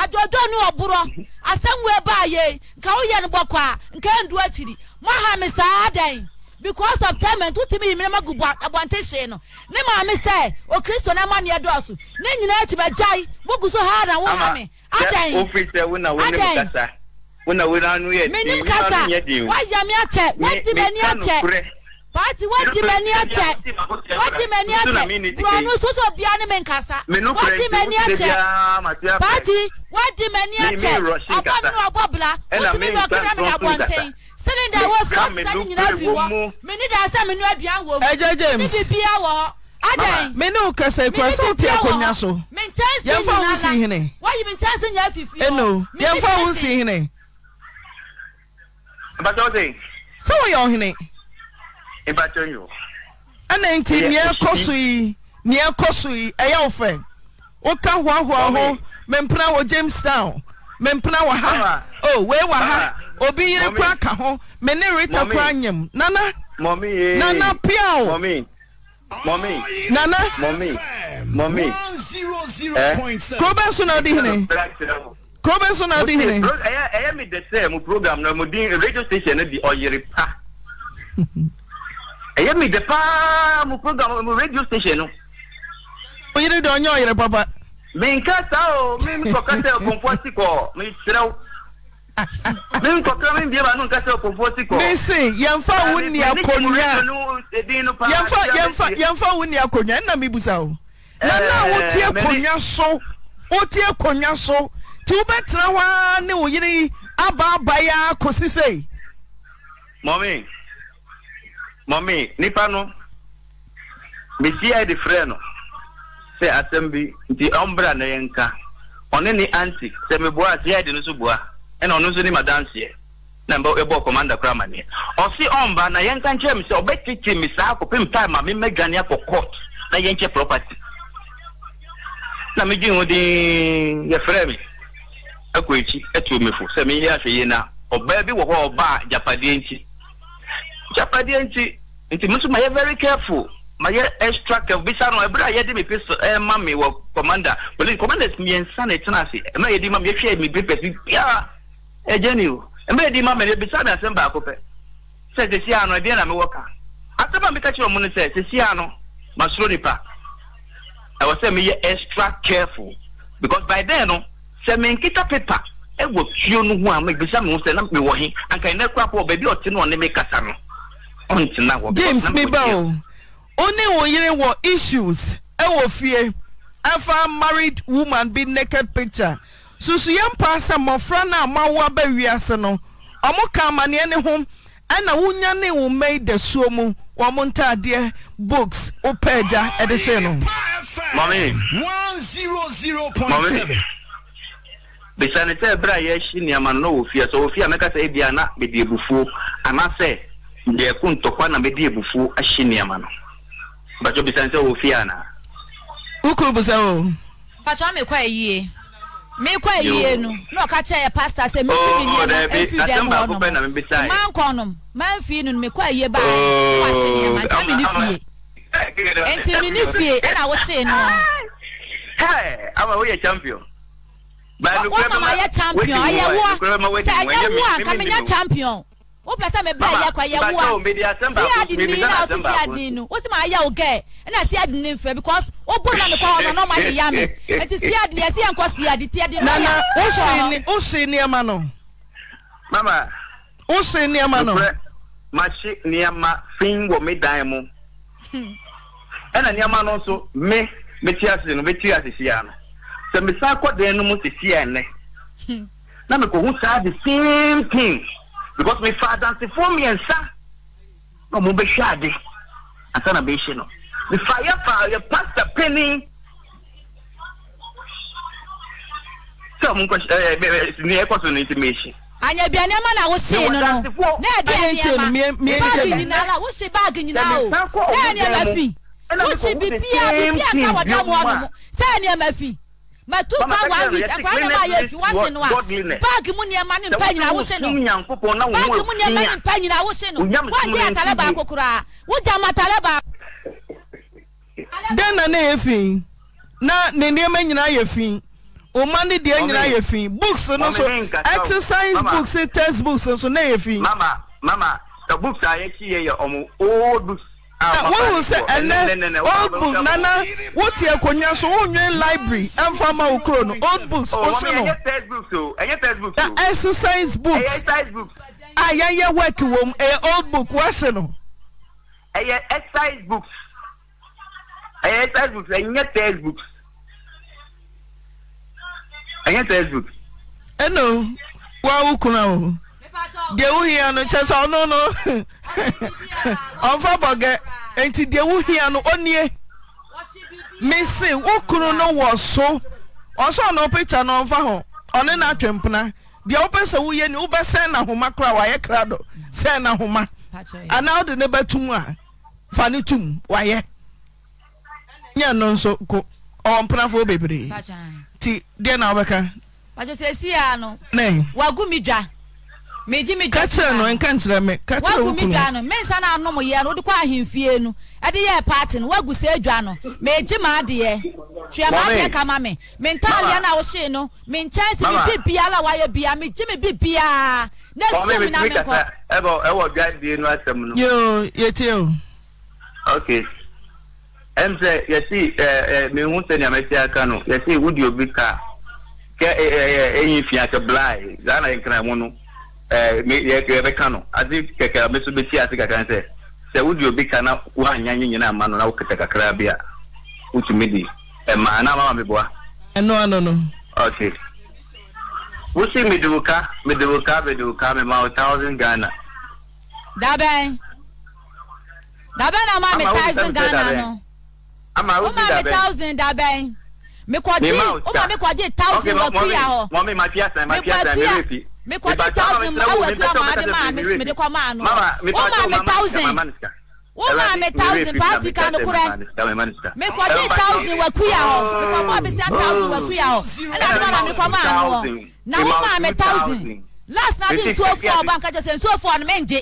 adwoodwoo ne ɔborɔ asɛm wei baa yei nka woyɛ no bɔkɔ a nka ɛndu akyiri moaha me saa dɛn because of tament wotumi yimerɛ ma gu abɔnte hyee no ne maame sɛ okristo no ma neɛ dɔɔso ne nyinaa akyi bɛgyae wogu so ha na ha me adɛn menim kasa woayɛ me akyɛ woadi m'ani akyɛ paati wagye m'ani akyɛ wagye m'ani akyɛ buroni soso bia ne mi nkasa wagye m'ani akyɛ paati wagye m'ani akyɛ ɔbɔ mi na ɔbɔ bla otumi bɛ ɔkura mi na abɔnten sini da wo fɔ sisa ni nyina fi wɔ mi ni da sɛ mi nu aduan wɔ mu ɛjɛ james ni bi bia wɔ hɔ adan mi ni o kasa ekura sɛ o ti akonya so mi nkyɛnse nyina la yɛn fɔ awusi hinɛ wayi mi nkyɛnse nyɛ fifi wɔ eno yɛn fɔ awusi hinɛ. sɛ wɔyɛ ɔhinɛ ịbata nyo. ɛna nti nea ɛkɔ so yi nea ɛkɔ so yi ɛyɛ ofɛ woka hoahoa ho mempena wɔ james town mempena wɔ ha o wei wɔ ha obi yere kora ka ho me ne rita kora nyam nana eh. nana piao mɔmi. nana. mɔmi. mɔmi. Eh? kurobe so na ɔdi hene. kurobe so na ɔdi hene. ɛyɛ mi dɛsɛ mu program na mo di radio station di ɔyere pa. ɛyɛ mi dɛ paa mu program mu radio station no. oyiri dɛ ɔnyɛ ɔyɛrɛ papa. mi nka saa o mi nkɔ kasa okunfo si kɔ mi serew mi nkɔ kura mi biema nu nkasa okunfo si kɔ. nisi yɛnfa wo ni akonya yɛnfa yɛnfa yɛnfa wo ni akonya ɛna mi busa o eh, na na wo tie konya so wo tie konya so ti wo bɛ tena hɔ ne wo yiri aba aba ya kò sise. mɔmi. mɔmi nipa no mesia yɛ de frɛ no sɛ asɛm bi nti ɔmbra na yɛ nka ɔne ne anti sɛ meboa a sia no so boa ɛna ɔno nso ne na mbɛ ɛbɔ kora ma ɔse ɔmba na yɛnka nkyerɛ me sɛ ɔbɛkyekye na yɛnkyɛ property na megye ho din yɛfrɛ me akɔ akyi atuo me fo sɛ meyɛ ahwɛ yie na adeɛ nti nti mo nso ma yɛ very careful ma yɛ extra careful bisa no ɛbɛrɛ a yɛde mi pistol ɛɛma mi wɔ commander police commanders mmiɛnsa na ɛtena ase ɛmɛ yɛ di ma mi yɛhwɛ mi papers bi biara ɛgye ni o ɛmɛ yɛ di ma mi yɛ bisa mi asɛm baako pɛ sɛ sisi ano ɛdeɛ na mi wɔ ka asɛm a mi ka kyerɛ ɔmo no sɛ sisi ano ma soro nipa ɛwɔ sɛ mi yɛ extra careful because by then no sɛ mi nkita paper ɛwɔ fio no ho a mi bisa mi ho sɛ na mi wɔ he anka ɛnɛ kura po ɔbɛbi ɔte point na wɔ. james miba o ó ní ìwòye wọ issues ẹ wọ fie afa married woman bi naked picture susuyɛ mpa sɛ mmɔfra no a moawo aba wiase no ɔmo ka amanneɛ ne ho ɛna wonya ne wo mma yi da suo mu wɔn mo ntaadeɛ books wopɛ agya ɛde hyɛ no. mami mami bisane sɛ ɛberɛ a yɛahyi nneɛma no na wɔ fie sɛ wɔ fie a mɛka sɛ ebia na mede abufuo anaasɛ deɛ ko ntɔkwa na bɛdi ebufuo ahye nneɛma no bàtɔ bisa nsɛ wɔ fie ana. wukuru bisa o. pàtó mi kọ́ ẹ̀ yíye mi kọ́ ẹ̀ yíye nu ní ọ̀ka kyẹ́ ẹ̀ pásítà sẹ́ mi fi mi ní ẹ̀ efi dẹ̀ fie ẹ̀ntì mi fie ẹ̀ na wọ́hyẹ nù. ama woyɛ champion. wọ́n mama yɛ champion ayɛ wọ́ sɛ ɛnyɛ wọ́ a kàmi nyɛ champion wopɛ sɛ mebra yɛ kɔ yɛwoa si adini na ɔso si adini no wosi ma ayɛ wo gɛ ɛna si adini mfɛ because wobu na mekɔ hɔ no na ɔma yeya me nti si adini ɛsi yɛ nkɔ si adi ti adi no yɛ wosii wosii nneɛma no mama wosii nneɛma no mahye nneɛma fin wɔ me dan mu ɛna hmm. nneɛma no nso me meti ase no meti ase sia no sɛ mesa akɔ dan no mu sisi ɛnɛ hmm. na mekɔhu saa the same thing because me fa adansefoɔ mmiɛnsa na ɔmo bɛhwɛ ade ansa na bɛhyɛ no me fa yɛ fa yɛ pastor panyin sɛ ɔmo nkɔ ɛɛ ɛɛ nea ɛkɔ so no e nti mehyɛ. anyabia nneɛma na wohyee e no no na ɛde nneɛma baagi nyinaa wohyee baagi nyinaa o na nneɛma fi wohyee bibia bibia ka wɔda mu ɔno mu sɛ nneɛma fi mɛtu ba one week ɛkura ne ma yɛ fi wɔsi no a baagi mu nneɛma ne mpa nyinaa wosi no baagi mu nneɛma ne mpa nyinaa wosi no wɔgye atale baako koraa wogye ama atale baako. den na ne yɛ fi na ne nneɛma nyinaa yɛ fi ɔma ne deɛ nyinaa yɛ fi books no so exercise books textbooks nso ne yɛ fi. mama mama the books a yɛ kyi yɛ yɛ ɔmo old books wohu sɛ ɛnɛ old books, nana wote akonnwa so wonwen library ɛmfa ma wo kuro no old books ose no exercise books a yɛyɛ work wɔ m ɛyɛ old book wɔse no ɛyɛ exercise books ɛyɛ exercise books ɛnyɛ textbooks ɛnyɛ textbooks ɛno wa wo kunu awo deɛ wohia no kyɛ sɛ ɔno no ɔmfa bɔgɛ enti deɛ wohia no ɔnnie mese wo no wɔ so ɔsɛ ɔno wopikya no ɔmfa ho ɔne no atwempena deɛ wopɛ sɛ woyɛ ni wobɛsɛn na homa kora wayɛ krado sɛn na homa anaa wode ne bɛtum a fa ne tum wayɛ nyɛ no nso ko ɔwɔ mpenafoɔ bebree nti deɛ na wobɛka wagu dwa ka kyerɛ no nka nkyerɛ me ka kyerɛ wo kunu mensa na anom yɛ no wode kɔ ahemfie no ɛde yɛ party no woagu sɛ adwa no megye maadeɛ twɛ maadeɛ kama me mi no a wohyee no menkyɛn sɛ mebi biara a woayɛ bia megye me bi biaa na sie mi na menkɔ ɛwɔ dwadie no asɛm no yo yɛtie o okay ɛm sɛ yɛsi mehu sɛnea mɛte aka no yɛsi wode obi ka kɛ ɛyi fia kɛ blae na yɛnkra mu no Eh, yɛbɛka no ade kɛkɛ a mɛso bɛti ase kakra sɛ sɛ wode obi ka na woanya nye nyina ama no na wokɛtɛ kakra bi a o wotumi di ɛmaa eh, na mama meboa ɛno ano no ok wosi mede wo ka mede wo ka mede wo ka mema wo thousand ghana dabɛn dabɛn na ma me thousand ghana no ama wo ma me thousand dabɛn mekɔgye woma mekɔgye thousand wɔ pia hɔ mekɔpia mekɔgye thousand awatu amaade maa me mede kɔ maa no womaa me thousand womaa me thousand paati ka no korɛ mekɔgye thousand wakuya hɔ mekɔbɔ besia thousand wakuya hɔ ɛna adoma na mekɔ maa no hɔ na womaa me thousand last na de nsuo foɔ ɔba nka kyɛ sɛ nsuo foɔ no mengye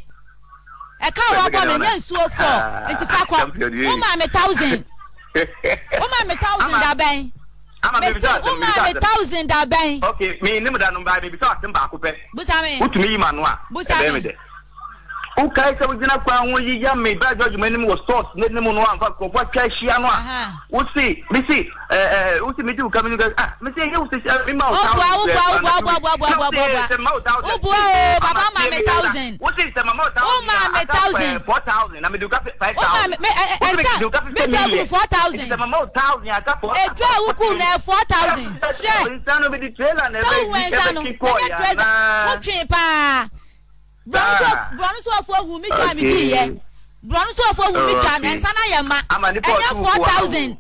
ɛka wɔ bɔ me nyɛ nsuo foɔ nti fa kɔ womaa me thousand womaa me thousand da bɛn mesi uma mi thousand abɛn. ok mi nimu danu ba mi bi sɛ ɔsi baako pɛ. busami. wutumi yi ma nu busami ɛbɛn mi dɛ wokae sɛ wogyina kwa ho yi ya me bra george mu anim wɔ sort n'anim no amfa nkurɔfoɔ atwa ahyia no a wosi mesi wosi eh, eh, medi woka mene ah mesɛ yɛ wo sɛ mema wo woboa baba ma me thousand wosi sɛ mama wo thousand me thousand four thousand na mede woka five oh, thousand wosi woka fifty million four thousand sɛ mama wo thousand aka four edu a wuku na four thousand sɛ sɛ wo nsa no bi di trailer na ɛbɛ ɛbɛ kikɔ yɛ anaa wotwe paa bronsofoɔ hu mi twa mi di yɛ bronsofoɔ hu mi twa na nsa na yɛ ma ɛnyɛ four thousand.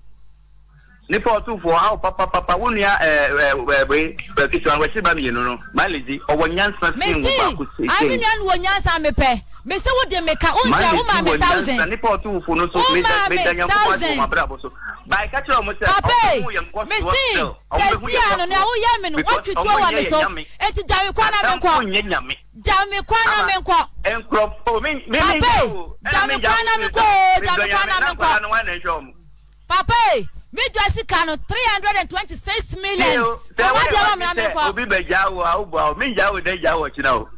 nipa ɔtunfoɔ awo papapapa wo nua ɛɛ ɛɛ ɛɛ ɛɛ kisiwa wɔsi ba mienu no maa le di ɔwɔ nyansa si mu baako se se. mesi ami nua ni wo nyansa mi pɛ mese wo de meka o nsa wo maa mi thousand o maa mi thousand pape mesi kasi ano na o yẹ mi no o tutu wa mi so eti jami kwan na mi nkɔ jami kwan na mi nkɔ pape jami kwan na mi kɔ o jami kwan na mi nkɔ pape mi jɔ sika no three hundred and twenty six million ɔmɔ jɛ wɔn mi na mi kɔ. obi bɛ ja wo a o bɔ a o mi ja wo de ja wo kyerɛ o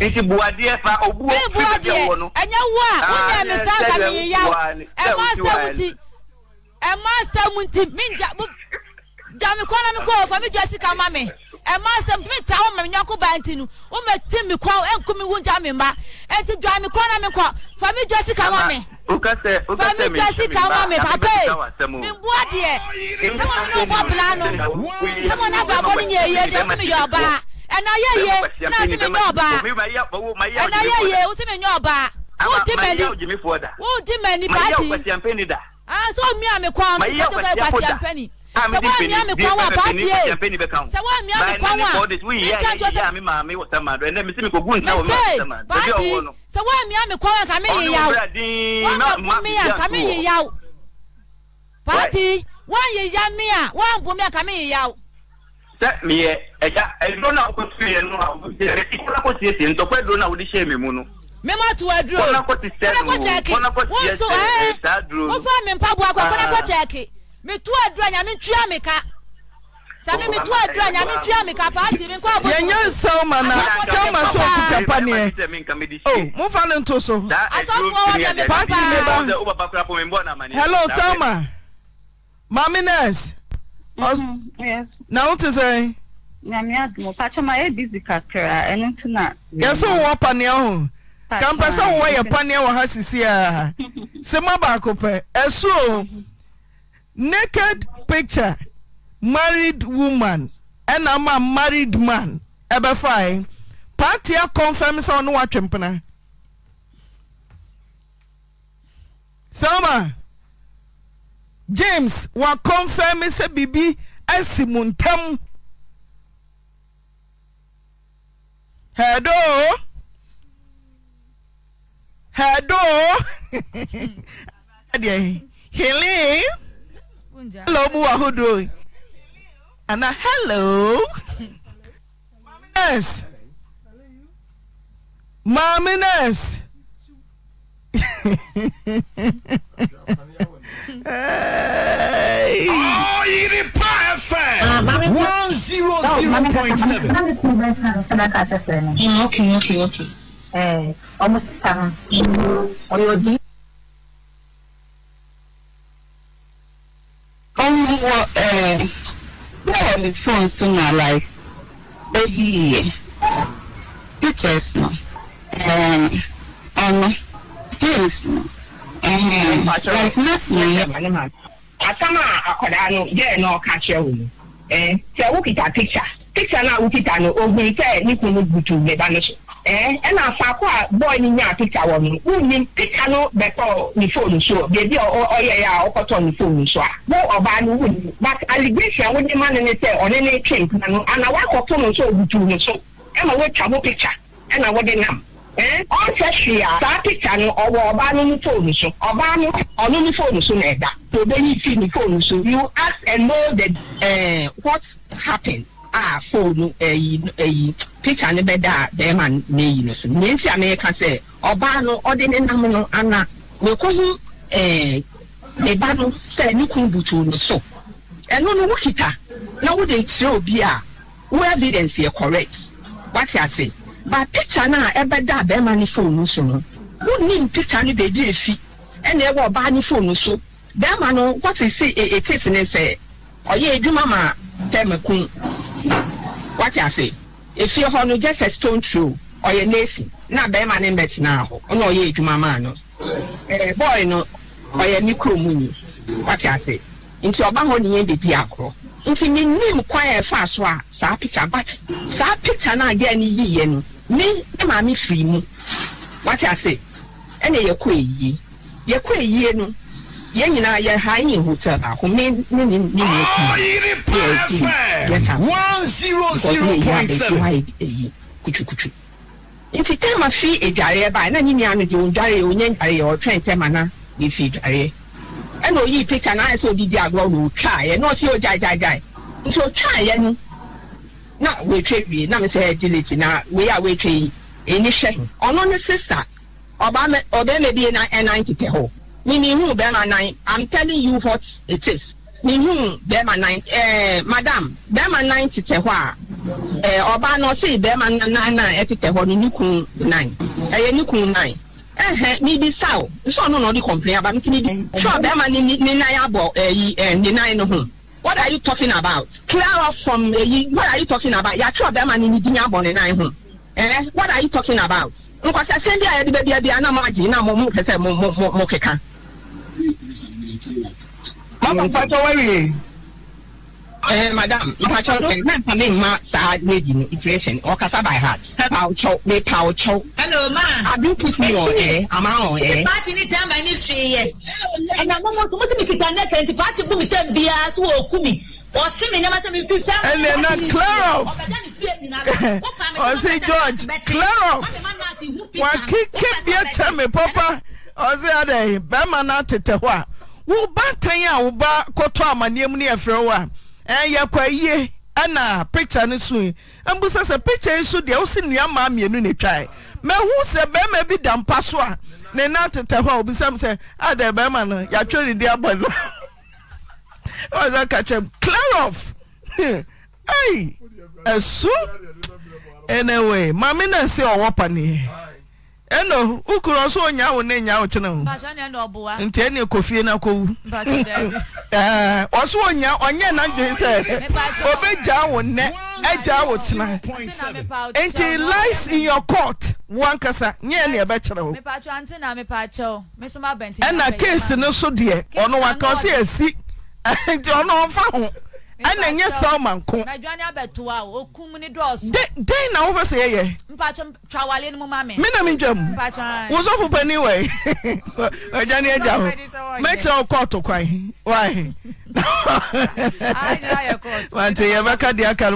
nti buadeɛ fa obuo fi bɛ wɔ no. ɛnyɛ wo a ah, wonyɛ mi sɛ nkami yiyaw ɛmɔ asɛm ti ɛmɔ asɛm ti mi nja jami kɔnɔ mi kɔ fa mi sika ma mi ɛmɔ asɛm ti mi ta wɔn ma mi nyɔnko ba nti nu wɔn ma ti mi kɔ ɛnko mi wun jami ma ɛnti dua mi kɔnɔ mi kɔ fa mi dua sika ma mi. fa mi dua sika ma mi papa yi mi bu adeɛ sɛmɔ mi n'o bɔ bila no sɛmɔ n'a bɛ a bɔ ni yeye de ɛsɛ mi yɔ ɔbaa ɛna yɛye na si menyɛ ɔbaa ɛna yɛye wosi menyɛ ɔbaa wodi mani wodi mani paati aa sɛ omi a mi kɔn no wotu sɛ kwasi ampani sɛ wo amia mi kɔn wa paati ye sɛ wo amia mi kɔn wa nka n tɔ sɛ mese paati sɛ wo amia mi kɔn wa ka mi yeyaw wa ma bu mi ya ka mi yeyaw paati wa yeya mi a wa bu mi a ka mi yeyaw sɛ meyɛ ɛgya ɛduro na wokɔtu yɛ no a ɛsi kɔna kɔsiesie ntɔkɔ ɛduro na wode hyɛ me mu no mímọ tu aduro kọ́nà kò ti sẹ́nu kọ́nà kò chẹ́ẹ̀kì wọ́n so ẹ́ẹ́ wọ́n fọ́ mi mpa bu akọ kọ́nà kò chẹ́ẹ̀kì ah. mi tu aduro nyame tua mi ka sani mi tu aduro nyame tua mi ka paati mi nkọ́ abọ́. yẹn yẹn nsẹ́wọ́n ma na sẹ́wọ́n ma sọ òkúta pa oh, ni ẹ o mo fa ne nto so asọ́fọ́ wọ́n yẹ mi papa paati mi ba hello selma maami nurse. Mm-hmm. nawote sɛ yɛsɛ wowɔ pannea ho kam pɛ sɛ wowɔ yɛ panea wɔ ha sisia sɛ ma baako pɛ ɛsuo naked picture maried woman ɛnam a maried man ɛbɛfae paatia cɔnfam sɛ wɔnewo atwempena james wakɔmfɛ me sɛ biribi asi mu ntam hɛdoo hɛdoo deɛ hello mu wahodoo ana hello yes maame nurse Oyiripa FM one zero zero point seven. Okay, okay, okay. Ọmọ sísá ọyọ di. Ọmọ wọ ẹ̀ bẹ́ẹ̀ ni fóònù sí náà láì ó yí iye pictures náà ọ̀nà jeans náà. Eh, asama a akwadaa no yɛɛ na ɔka kyerɛ wo no eh, sɛ wokita picture picture no a wokita no ohun sɛ ne kun no butu ne ba no so eh, ɛna afaako a boy no nya picture wɔ no wonnim picture no bɛtɔ ne phone so beebi a ɔyɛ yɛ a ɔkɔtɔ ne phone so a wo ɔbaa no wonnim but allegation wode ma no ne sɛ ɔne ne twɛn no ana wakɔto no so obutu no so picture ɛna wode nam ọ̀nfẹ́ fìyà sáà pìtà ni ọwọ́ ọba nínú fóònù so ọba ọ̀nù ní fóònù so n'ẹ̀dá tó bẹ́ẹ̀ ní fíìmù fóònù so you ask and know the uh, what happened a fóònù ẹ̀yí ẹ̀yí pìtà ni bẹ́ẹ̀ dá bẹ́ẹ̀ma n'eyi no so ní ntí àmì ẹ̀ka sẹ̀ ọba no ọdẹ ní nam no ana w'ekó hu ẹ̀ẹ́ eh, n'ẹ̀ba no sẹ̀ ní kún butu no so ẹ̀nu no wọ́n kìtà na wọ́n de kyerẹ́ obi a wọ́n evidence yẹ correct wọ́n ti àṣẹ. ba pikcha na ɛbɛda bɛrima ne fone so no wonim pikcha no baabi eh, efi ɛna ɛwɔ ɔbaa ne fone so bɛrima no wɔte se etis ne sɛ ɔyɛ edwuma ma tɛm kun wɔte ase efie hɔ no just a stone throw ɔyɛ n'esi na bɛrima ne mbɛtena na ɔna ɔyɛ edwuma ma no ɛɛ eh, bɔɔl no ɔyɛ ne kurom ni wɔte ase nti ɔba hɔ ne yɛn di agorɔ nti menim kwan a e ɛfa so a saa picture but saa picture na a ni no yiyɛ no. me na maame firi mu wate ase ɛna yɛkɔ eyie yɛkɔ eyie no yɛn nyinaa yɛ ha yin hotel baako ne ne ne ne ne yɛ ti yɛ ti yɛ sa one zero zero point seven kutukutu nti tɛma fi edwareɛ baa na ne nua no deɛ ondwareɛ onye ndwareɛ ɔtwɛn tɛma na efi edwareɛ ɛna oyi picture na ayɛ sɛ odidi agorɔ na otwa ayɛ na ɔsi ogyagyaagyae nti otwa ayɛ no na wetwe wie na mesɛ agility na wei a wetwe yi ɛni hwɛ ɔno ne sista ɔbɛrima bi na ɛnan tetɛ hɔ mimihu bɛrima nan i'm telling you what it is mihu bɛrima nan ɛɛ madam bɛrima nan tetɛ hɔ a ɛɛ ɔbaa no ɔsi bɛrima nan na ɛtetɛ hɔ no ne kun nan ɛyɛ ne kun nan ɛhɛ mibi saw nsɛ ɔno na ɔde complain aba mi ti mibi sure bɛrima ne nan abɔ ɛyi ɛɛ ne nan no ho what are you talking about clear off from eyi what are you talking about yàtú ọbẹ̀rẹ̀mà ni ni dín abọ̀ ní náà hù ẹ̀ what are you talking about nkwasa sẹ́ńdí ayé di bẹ́ẹ̀ bíi anamọ àjì náà mo mú kẹsẹ̀ mo mo mo kíkà. mọ̀mọ́ pàtó wẹ́rì yìí eh, madam mpakyɛw no na nfa mi ma saa lady no inflation ɔkasa eh, by heart pawkyɛw mi pawkyɛw. hello ma. have you put me on air am i on air. paati ni tẹ́ ma ni su yẹ. ẹ̀nà mo mo sì mi kìkà ní ẹ̀kẹ́ ntì paati bú mi tẹ́ bíyà sí wọ́n kú mi ọsẹ mi ní ẹmẹsẹ mi fi fẹ. ẹnlẹ na clear off ọsẹ george clear off wà kíkí bí ẹ tẹ mi pọpá ọsẹ adẹ bẹẹma náà tètè hó a wò bá tẹ̀yìn à wò bá kótó àmàlẹ́mu ní ẹ̀fẹ̀ wò a. yɛkwa yie ɛna picture no sui mbusa sɛ picture yi so deɛ wosi nnua maa mmienu na ne twae mahu sɛ bɛrima bi da mpa so a ne nan tetɛ hɔ a obisam sɛ ada ah, bɛrima no yɛatwa ne di abɔ no ɔsɛ ka kyɛm clear off ɛyi ɛso anyway maame na sɛ ɔwɔ paneɛ ɛnɔ ukurɔ so onya wo ne nya wo kyene ho nti ɛne kɔ fie no akɔwu ɔso onya ɔnyɛ nadwen sɛ ɔbɛgyaa wo nnɛ agyaa wo kyena nti lies in your court wankasa nyɛ ne ɛbɛkyerɛ wo ɛna case no so deɛ ɔno waka si esi, nti ɔno ɔmfa ho ɛnɛ yɛ sɛma nkonwopɛsɛ ɛyɛmmwamos fo panianhmɛkyerɛ ort kayɛɛkadaka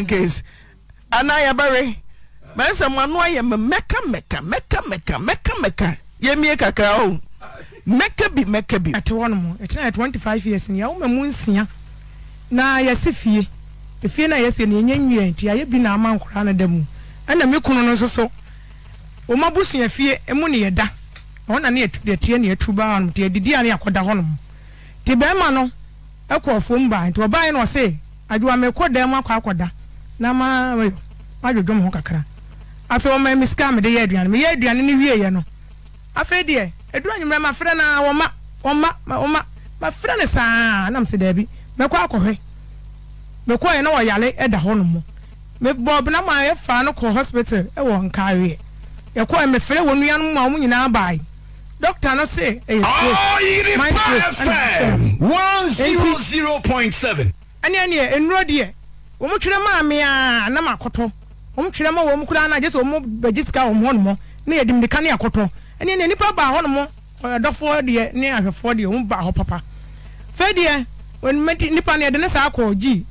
kɔseɛ msɛ manoayɛm mɛka na yɛsi fie efie na yɛsi ni yɛnyɛ nwia nti ayɛ bi na ama nkora no da mu ɛna me kunu no nso wɔn abusua fie emu ne yɛda wɔn na ne yɛtie ne yɛtu baa no te yɛdidi a ne yɛakɔda hɔ nom te bɛrima no ɛkɔ fom baa nti ɔbaa yi na ɔse adwuma mi kɔ dan mu akɔ akɔda na ma ma adwodwo mi ho kakra afei wɔn mi sika mi de yɛ aduane mi yɛ aduane ne wie yɛ no afei deɛ eduru anyimrɛ ma frɛ na wɔn ma wɔn ma wɔn ne saa anam si dɛbi mɛkɔ akɔhwɛ mɛkɔ yɛ na wɔyare ɛda hɔ nom mɛbɔ ɔbɛnam a yɛfa no kɔ hospital ɛwɔ nkaareɛ yɛkɔ yɛ mɛfrɛ wɔn nuanom a wɔn nyinaa baa yi dókítà náà sè é yẹ stroke mind stroke one zero zero point seven. ɛni ɛni yɛ enuro deɛ wɔn twerɛ maame a nam akɔtɔ wɔn twerɛ ma wɔn kura anagye sɛ wɔn bɛgye sika wɔn hɔ ne yɛ dimdika ne akɔtɔ ɛni ɛni nipa baa hɔ nom ɛdɔfoɔ deɛ ne ahwɛfoɔ deɛ wɔn baa hɔ papa fɛ deɛ nipa no yɛde ne saa kɔɔ gyi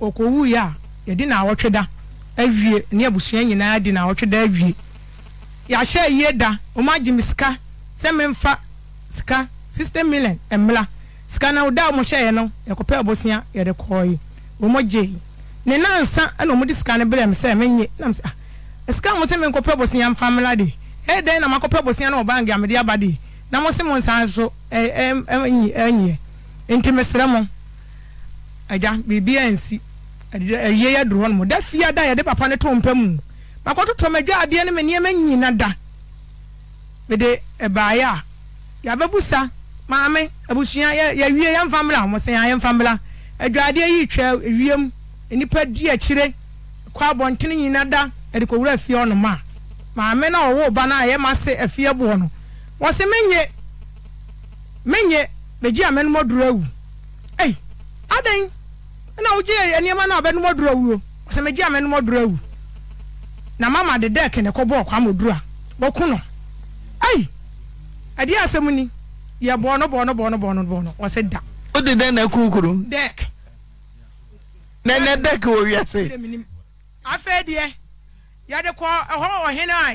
ɔkɔwuiɛ a yɛde na awɔtwe da awie ne abusua nyinaa de na awɔtwe da awie yɛahyɛ yie da ɔmo agye me sika sɛ memfa sika sixty million mmla sika na ɔda a ɔmo hyɛ yɛ no yɛkɔpɛ abosea yɛde kɔɔ yi ɔmo gye yi ne nansa ɛna ɔmo de sika no brɛ me sɛ menye nam sɛ ah sika mo te me nkɔpɛ abosea mfa mmla de ɛyɛ dɛn na makɔpɛ abosea na ɔbaa ngia mede aba de na mo se mo nsa nso ɛɛ ɛɛ ɛnyɛ nti mesrɛ mo agya biribi ansi ɛyɛ yɛ duro hɔnom da fie da yɛde papa ne to mpa mu makɔtotɔ madwa adeɛ no me nneɛma nyina da mede ɛbaeɛ a yɛabɛbusa maame abusua yɛwie yɛmfa mmra homosen a yɛmfa mmra adwadeɛ yi twa wiem nnipa di akyire kɔ abɔntene nyina da ɛde kɔwura afie hɔnom a maame no a ɔwɔ ba no a yɛma se afie boɔ no wɔse menye menye mɛgyi a mɛ nom dro awuadɛn na wogye aneɛma no wɔbɛnomdorɔ aw ɔsɛmgyeamɛ nomdrɔ wu namamade da nɔɔ d n adeɛ asɛm ni yɛ bɔ nɔai deɛ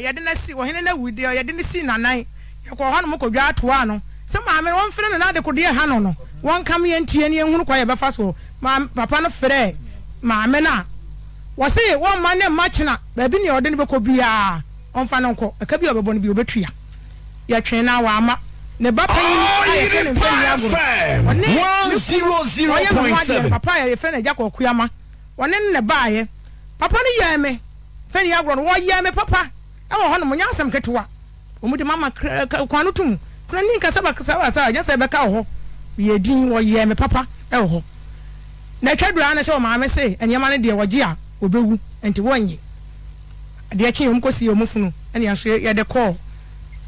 yɛde e nwyɛde n si nana y ɔhɔ no mkɔdwaa towaa no sɛ maame no wɔmfrɛ no na adekodeɛ ha no no wɔnkam yɛntie ne yɛhunu kwa yɛbɛfa so papa no frɛɛ maame no a wɔse wɔmma ne mma kyena baabi nea ɔde no bɛkɔ biaa ɔmfa no nkɔ ɛka bi a ɔbɛbɔ no bi ɔbɛtua a ne ba panyin a yɛfrɛ no mfɛ yi agoro ɔne ɔyɛ me ho adeɛ papa a yɛfrɛ no agya kɔkuama ɔne ne ne baayɛ papa no yɛɛ me fɛ ne agoro no papa ɛwɔ hɔ nom nyɛ asɛm ketewa ɔmu de mama kwan no tom na ne nkasa bakasa basa nyɛ sɛ ɛbɛka wɔ hɔ yɛ din wɔyɛ me papa ɛwɔ e hɔ na atwa dura no sɛ wɔ maame se nneɛma no deɛ wɔgye a wɔbɛwu nti wɔnyɛ adeɛ kye yɛm kɔsi yɛm funu ɛne yɛso yɛde kɔɔ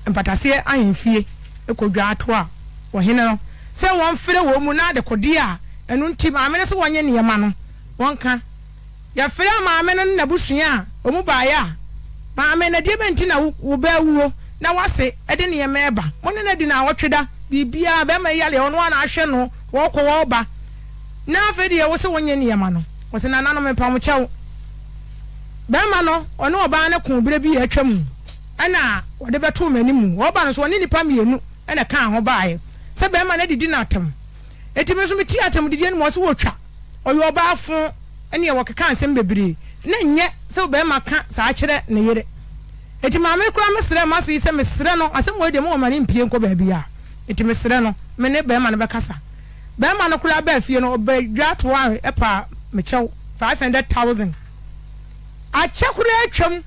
mpataseɛ ahemfie ɛkɔ dwa ato a wɔhene no sɛ wɔmfrɛ wɔn mu na adekodeɛ a ɛno nti maame no sɛ wɔnyɛ nneɛma no wɔnka yɛfrɛ maame ne n'abusua a ɔmu baeɛ a maame na deɛ bɛnti na wo bɛɛ wuo na wase ɛde nneɛma ɛba mo ne no di na awɔtwe da biribiara bɛrima yi yale ɔno ana ahwɛ no wɔkɔ wɔɔba na afei deɛ wɔsɛ wɔnyɛ nneɛma no wɔsɛ nananom mpam kyɛw bɛrima no ɔne ɔbaa no ko berɛ bi yɛ atwa mu ɛna wɔde bɛto wɔn anim wɔba no so ɔne nipa mmienu ɛna kaa ho baeɛ sɛ bɛrima no didi n'atam etimi nso mi ti atam didi anim ɔsɛ wɔtwa ɔyɛ ɔbaa fo ɛne ɛwɔ keka nsɛm bebree na nyɛ sɛ bɛrima ka saa kyerɛ eti maame kura mesrɛ ma se sɛ mesrɛ no asɛm mo de mo ma ne mpie nkɔ baabi a eti mesrɛ no me ne bɛrima no bɛkasa bɛrima no kura ba afie no ɔbɛ dwa toa ɛpa mekyɛw five 500000 thousand akyɛ kura atwam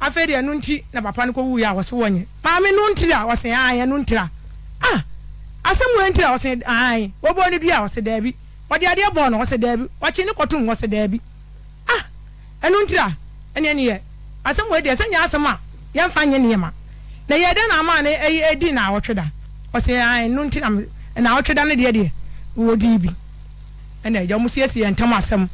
afei de no nti na papa no kɔ wuiɛ a wɔse wɔnyɛ maame no nti ntira wɔse aayɛ no ntira ah asɛm wɔ ntira wɔse aayɛ wɔbɔ ne dua wɔse daabi wɔde adeɛ bɔɔ no wɔse daabi wɔkye ne kɔtum wɔse daabi ah ɛno ntira ɛneɛ ne yɛ asɛm wɔ adi ɛsɛ nyɛ asɛm a yɛmfa nyɛ nneɛma na yɛ na ama ne ɛyi ɛdi na awɔtwe da ɔsɛ ɛn no nti na na awɔtwe da ne deɛ deɛ wɔdi bi ɛna ɛgya ɔmo siesie yɛn ntam asɛm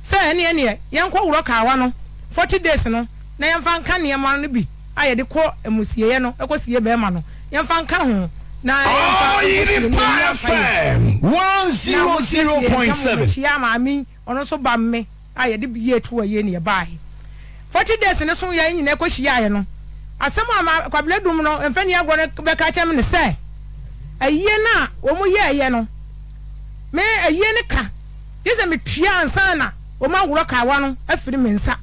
sɛ ɛneɛ neɛ yɛnkɔ wurɔ kaawa no forty days no na yɛmfa nka nneɛma no bi a yɛde kɔ emusieɛ no ɛkɔ sie bɛrima no yɛmfa nka ho na yɛmfa ɔyiri one zero zero point seven siesie yɛn ntam wɔ kyia maame ɔno nso ba mme a yɛde yie to wɔ yie ne yɛ baahe forty days ne so yɛ nyina kɔ hyia yɛ no asɛm a ma kwabila dum no mfɛni agorɔ no bɛka kyɛm ne sɛ ayie no wɔn yɛ ɛyɛ no me ayie no ka yɛ sɛ metua ansan na wɔn aworɔ kawa no afiri me nsa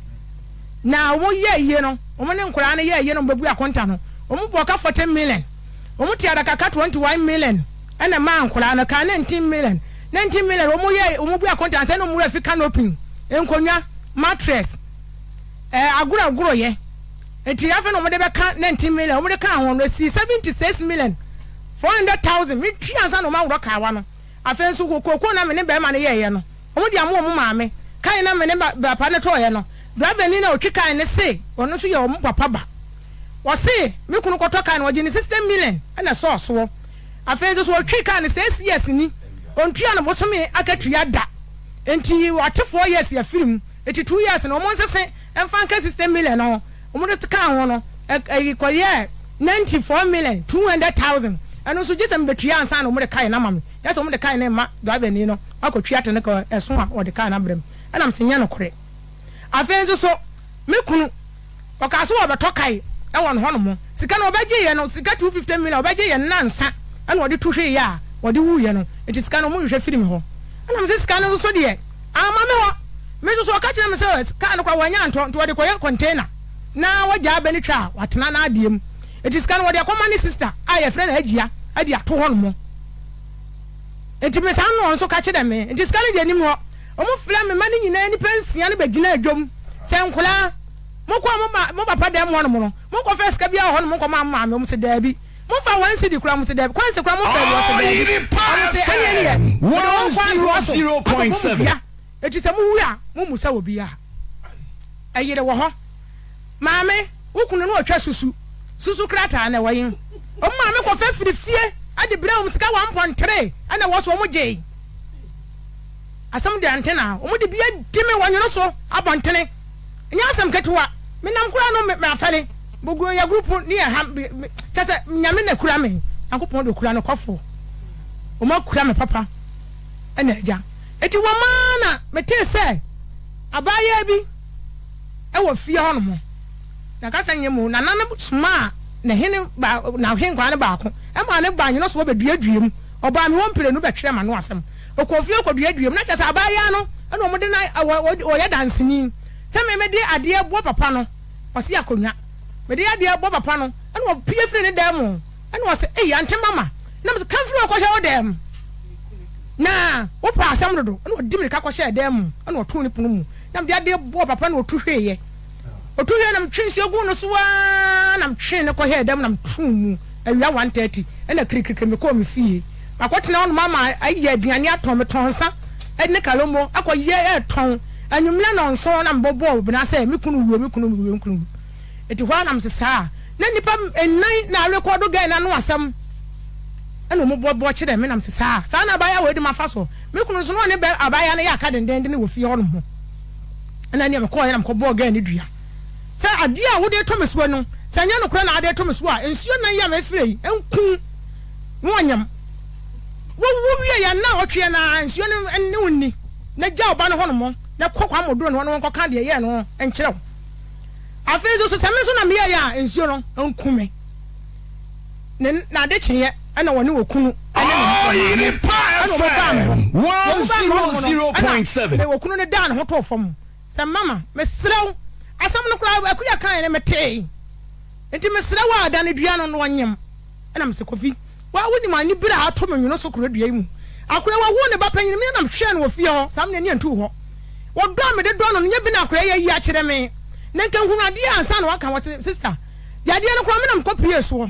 na wɔn yɛ ayie no wɔn ne nkoraa no yɛ ayie no wɔn bɛbu akonta no wɔn bɔ ɔka forty million wɔn te adakaka twenty one million ɛna maa nkoraa no ka nineteen million nineteen million wɔn yɛ wɔn bu akonta ansan na wɔn wura fi canopy nkonnwa mattress ɛɛ eh, agorɔagorɔ yɛ nti eh, afei na wɔde bɛka nineteen million wɔde ka ahɔn no eh, si seventy six million four hundred thousand mi ansa na wɔn aworɔ no afei nso kokoko na mi bɛrima no yɛɛyɛ no wɔn de amu wɔn maame kan na mi ne papa ne tɔɔyɛ no driver na otwi kan ne se ɔno nso yɛ wɔn papa ba wɔse mi kunu kɔtɔ kan na wɔgye ne sixteen million ɛna sɔɔsoɔ afei nso wɔtwi kan ne six years ni ontua na bosomi akatua da nti wɔatefoɔ years yɛ firi mu two years na wɔn nsese ɛnfa nka sixty million no wɔn de kaa ho no ɛyi kɔyɛ ninety four million two hundred thousand ɛno nso gye sɛ mbɛtua ansa na wɔn de kaa na ma mi yɛ sɛ wɔn de kaa na ma dɔbɛni no wakɔ tua te ne kɔ ɛso a wɔde kaa na brɛ mu ɛnam sɛ nyɛ no korɛ afei nso so me kunu ɔkaa so wɔbɛtɔ kae ɛwɔ no hɔnom sika no ɔbɛgye yɛ no sika two fifteen million ɔbɛgye yɛ nansa ɛna wɔde tu hwee yɛ a wɔde wuyɛ no eti sika no ɔmo hwehwɛ firim hɔ ɛnam sɛ sika no nso deɛ ama me hɔ me so ɔka kyerɛ me sɛ kaa no kora wɔanya ntɔ nti wɔde kɔyɛ container na wɔgya abɛ ne twa a watena no adeɛ mu ɛti sika no wɔde akɔma ne sister a yɛfrɛ no agyia ade ato hɔ no mo nti me saa no nso ka kyerɛ me nti sika no deɛ anim hɔ ɔmo filɛ me ma ne nyinaa nipa nsia no bɛgyina adwam sɛ nkoraa mokɔ a mo papa dɛm hɔ nom no mokɔfɛ sika bi a wɔ hɔ no mokɔ ma mmaa me ɔmo sɛ daabi mofa one di kura mo sɛ daabi kwan sɛ kura mo fɛ wɔ sɛ daabi ɔmo sɛ ɛneɛ neɛ wɔde wɔn kɔ adeɛ wɔ so akɔkɔ mo dua eti sɛ muwu a mumu sɛ obi a ɛyere wɔ hɔ maame wukunu no ɔtwa susu susu krataa na ɛwɔ yin ɔmu maame kɔfɛ firi fie ɛde bere wɔn sika one point three ɛna wɔso wɔn gye asɛm de antena wɔn di bia dimi wɔn nyono so abɔntene nyɛ asɛm ketewa menam kura no mɛ afɛle gbogbo ya gurupu ni ya ha kyɛ sɛ nyame na kura mi nyankopɔn de kura no kɔfo wɔn akura mi papa ɛna ɛgya eti wɔn maa na metee sɛ abaayewa bi ɛwɔ fie hɔnom na kasa nyɛ mu na nanem soma a n'ahene baako n'ahe nkwa ne baako ɛma ne ba anyina so wɔbɛduadua mu ɔbaa mi wɔn mprenu bɛtwerɛ ma no asɛm okɔ fie kɔduadua mu na kyɛ sɛ abaayewa no ɛna wɔn de na ɛwɔ wɔyɛ dansini sɛ mɛmɛ de adeɛ bɔ papa no ɔsi akonnwa mɛde adeɛ bɔ papa no ɛna wɔpie firi ne dan mu ɛna wɔsɛ eyi ante mama na mɛ kanfiri wɔkɔhyɛ wɔ dan mu na wopɛ asɛm dodo ɛna ɔdi mirika kɔhyɛ ɛdɛm mu ɛna ɔto ne pono mu na mede adeɛ bɔɔ papa na ɔtu hweeɛ ɔtu hwee na metwe nsuo egu no so aa na metwe ne kɔhyɛ ɛdɛm na metu mu awia one thirty ɛna kirikirikiri me kɔɔ me fie akɔtena hɔ mama ayɛ aduane atɔn tɔn nsa ɛne ɛtɔn na ɔnso na mbɔbɔ obina sɛ me kunu wuo me kunu wuo me kunu wuo eti hɔ sisaa na nipa enan na alekɔdo gɛɛ na ɛna ɔmo bɔbɔ kyi dɛ menam sisaa saa na abaayewa wo edum afa so me kunu nso n'one bɛ abaayewa no yɛ aka dendenden wɔ fie hɔnom ho ɛna nea mekɔɔ yɛ na mekɔ bɔɔ gaa ne dua sɛ adeɛ a wode to me soɔ no sɛ nyɛ no kora na adeɛ to me soɔ a nsuo na yɛ mɛfiri yi nkun ne wɔnyam wɔwɔ wie yɛn na ɔtwe na nsuo no ne wo ni na gya ɔba no hɔnom na kɔ kwa mɔduro no hɔ no wɔnkɔka deɛ yɛɛ no nkyerɛ afei nso sɛ me nso na meyɛɛ yɛ a nsuo no nkume na ade kyeeɛ ɛna wɔne wɔ kunu ɛne no daa ne ho too fam sɛ mama meserɛw asɛm no koraa kae ne metee nti meserɛw a da dua no no ɛna mesɛ wa wonim ani berɛ ato me nwono so kora dua mu akora ne ba me nam hwɛ no wɔ fie hɔ saa antu hɔ wɔdɔ dɔ no nyɛ bi akora akyerɛ me nka adeɛ ansa na waka wɔ sister yadeɛ no soɔ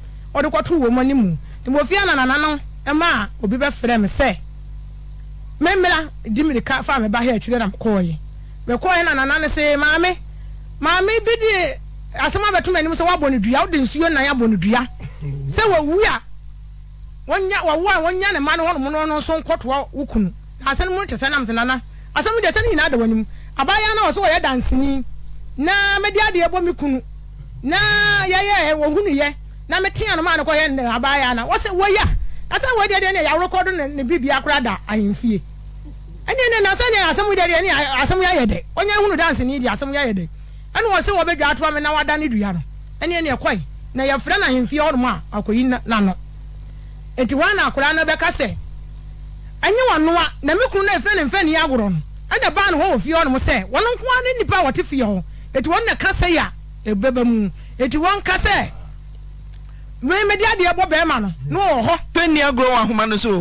ɔde kɔto wɔn mu, nti wofie ananana no ɛma a obi bɛfrɛ mi sɛ mmemmira di mirika fa mi ba ha akyire na kɔɔye mɛkɔɔye nanana no sɛ maame maame bi de asɛm abɛto m'anim sɛ wabɔ ne dua wode nsuo nan abɔ ne dua sɛ wawu a wɔnya wawu a wɔnya ne ma no hɔnom no nso nkɔtoa wo kunu na asɛm mu kyɛ sɛ nam sɛ nana asɛm deɛ sɛ ne nyinaa da w'anim abaayewa no wɔ so wɔyɛ danseni na mɛde adeɛ bɔ me kunu na yɛyɛ wɔhu ne yɛ na mete anoma no kɔyɛ ne abaayɛ ana wɔsɛ wɔyɛ a ata wɔ deɛ deɛ ne yɛaworo kɔdo ne ne bibi akora da ahemfie ɛne ne nasa ne asɛm deɛ deɛ ne asɛm yɛayɛ dɛ ɔnyɛ hunu danse ne deɛ asɛm yɛayɛ dɛ ɛne wɔ sɛ wɔbɛdwa atoa me na wada ne dua no ɛne ne ɛkɔe na yɛfrɛ no ahemfie hɔnom a akɔyi nano nti wɔn na akora no bɛka sɛ ɛnyɛ wɔn noa na me kunu na efɛ ne mfɛn yi agorɔ no ɛna baa no hɔ wɔ fie hɔnom sɛ wɔn nkoa ne nipa wɔte fie hɔ eti wɔn na kasa yi a ebɛbɛ mu eti wɔn kasa yi mmedi adeɛ bɔ bɛrima no na ɔwɔ hɔ. twenty agorɔ wɔ ahoma no eh, so.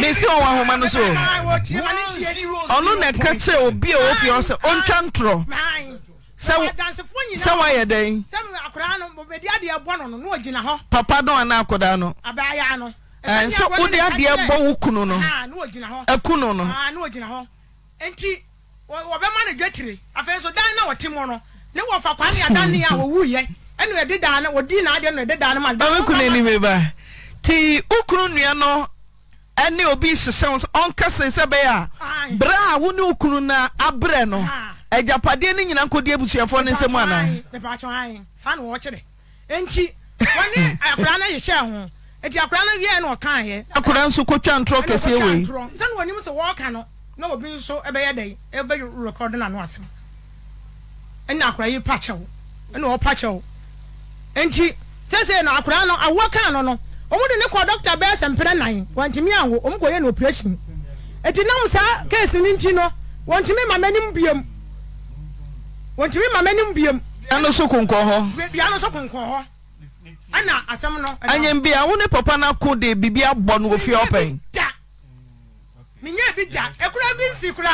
mesi wɔ ahoma no so. ɔno na ɛka kyerɛ obi a ofi ɔsɛ ɔntwa ntorɔ. sɛ wayɛ dɛn. papa no ana akwadaa no. abaayaa no. ɛɛ sɛ wode adeɛ bɔ wo kunu no. ɛkunu no. nti wɔbɛma no dwetire afei nso dan na wɔte mu no ne wɔfa kwan ne adan a wɔwu ɛna ɛde daa no wɔdi na adeɛ na ɛde daa no ma. ɔmo kun n'anim eba ti ukunu nua no ɛne obi hyehyɛ nso ɔnka sese bɛyɛ a bere a wo ne ukunu na abrɛ no agyapadeɛ no nyinaa nkɔdi abusuafoɔ ne nsam ana. o ayin saa na wɔkyerɛ nti wɔne akwadaa no hyehyɛ ho eti akwadaa no yɛ na ɔka yɛ. akwadaa nso kotwa ntorɔ kɛseɛ wei. sani wɔn anim sɛ wɔɔka no na obi nso ɛbɛyɛ dɛ ɛbɛyɛ rekɔd na ano asɛm ɛna akwadaa yi pakyɛw ɛna ɔpakyɛw. nti sese na akwadaa no awoɔ kaa no no wɔn de ne kɔ dɔkta bɛyɛ sɛmpere nan wɔntumi anwo wɔn kɔ yɛ no operation eti nam saa keesi ne nti no wɔntumi ma m'anim biem wɔntumi ma m'anim biem. dua no so konkɔn hɔ. dua no so konkɔn hɔ ɛna asɛm no. anyam bi a wo ne papa na ko de bibi abɔ no ofie ɔpɛn. da nyɛ bi da ekura bi nsi kura.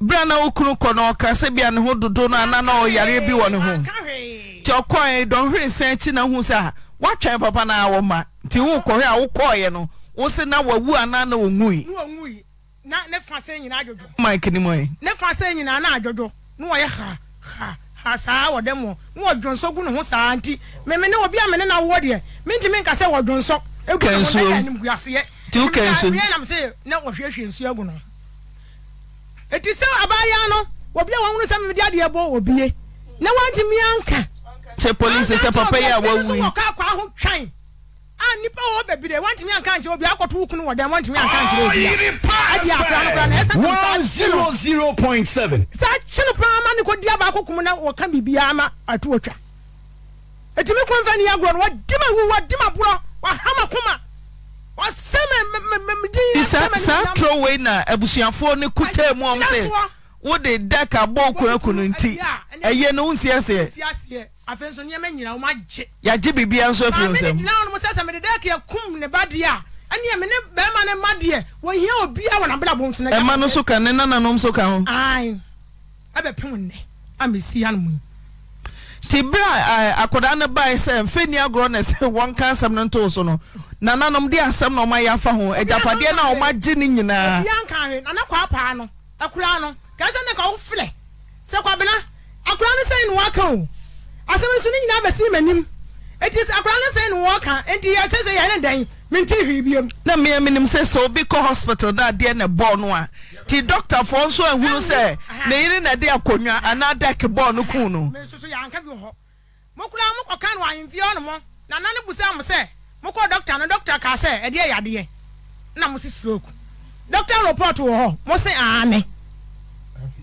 bere a na okunu kɔ na ɔka sɛ bia ne ho dodo na ana na ɔyare bi wɔ ne ho. nti ɔkɔɛ dɔnhwere nsa akyi na hu sɛ watwɛn papa na awɔ ma nti hu kɔhɛ a wokɔɔyɛ no wo se na wawu anaa na wɔwui na ne fa se nyinaa adwodwo. mike ni mo ye. ne fa se nyinaa na adwodwo ne wɔyɛ ha ha ha saa wɔ dɛm wɔ ne wɔ dwonso gu ne ho saa nti mɛmɛ ne obi a mɛ ne na wɔ deɛ mi ntumi nka sɛ wɔ dwonso egu ne ho ne yɛ animguaseɛ. ti o kɛ nsuo. ebi nam se ne wɔhwehwɛ nsuo egu no eti sɛ abaayewa no obi a wɔn nwere sɛ mi de adeɛ bɔ obi na wɔn ti anka. kyɛ polisi sɛ papa yi a wawu yi. ɔka akɔ aho twɛn a nipa wɔ bebree wɔntumi anka nkyerɛ obi akɔto wukunu wɔ dɛm wɔntumi anka nkyerɛ obi a adi akora no na ɛsɛ kɔnfa one zero zero point seven. saa kyene paa ama ne ko di abaako kum na wɔka biribiara ama ato otwa etumi kun fɛn ni agorɔ no wɔdi ma wu wɔdi ma borɔ wɔhama kuma wɔsɛ mɛ mɛ mɛ din yɛ sɛ mɛ saa troway na abusuafoɔ ne kuta mu ɔm sɛ wode daka bɔ okura kunu nti ɛyɛ no nsiaseɛ. afi sɛma nyina omaye yɛagye biribia nso afii mu mɛma no nso ka ne nananom nso ka ho nti bere aakɔdaa no bae sɛ mfɛ ni agorɔ no sɛ wɔka asɛm no ntoo so no nananom de asɛm na ɔma yɛ afa ho ayapadeɛ na ɔmagye no nyinaa asɛm nso ne nyinaa bɛsi m'anim eti sɛ akwadaa ne sɛn ne wɔɔka eti ɛkyɛ sɛ yɛn ne dan minti hwi biem. na mmea minim sɛ sɛ obi kɔ hospital na adeɛ na bɔɔ no a ti dɔktafoɔ nso ehunu sɛ ne yiri na de akonnwa anaa dɛk bɔɔ no kun no. soso yɛ anka bi wɔ hɔ mo kura mo kɔ kan wɔ ahemfi hɔ nom na nane busa mo sɛ mo kɔ dɔkta no dɔkta kaa sɛ ɛdeɛ yɛ adeɛ na mo si stroke dɔkta report wɔ hɔ mo sɛ aane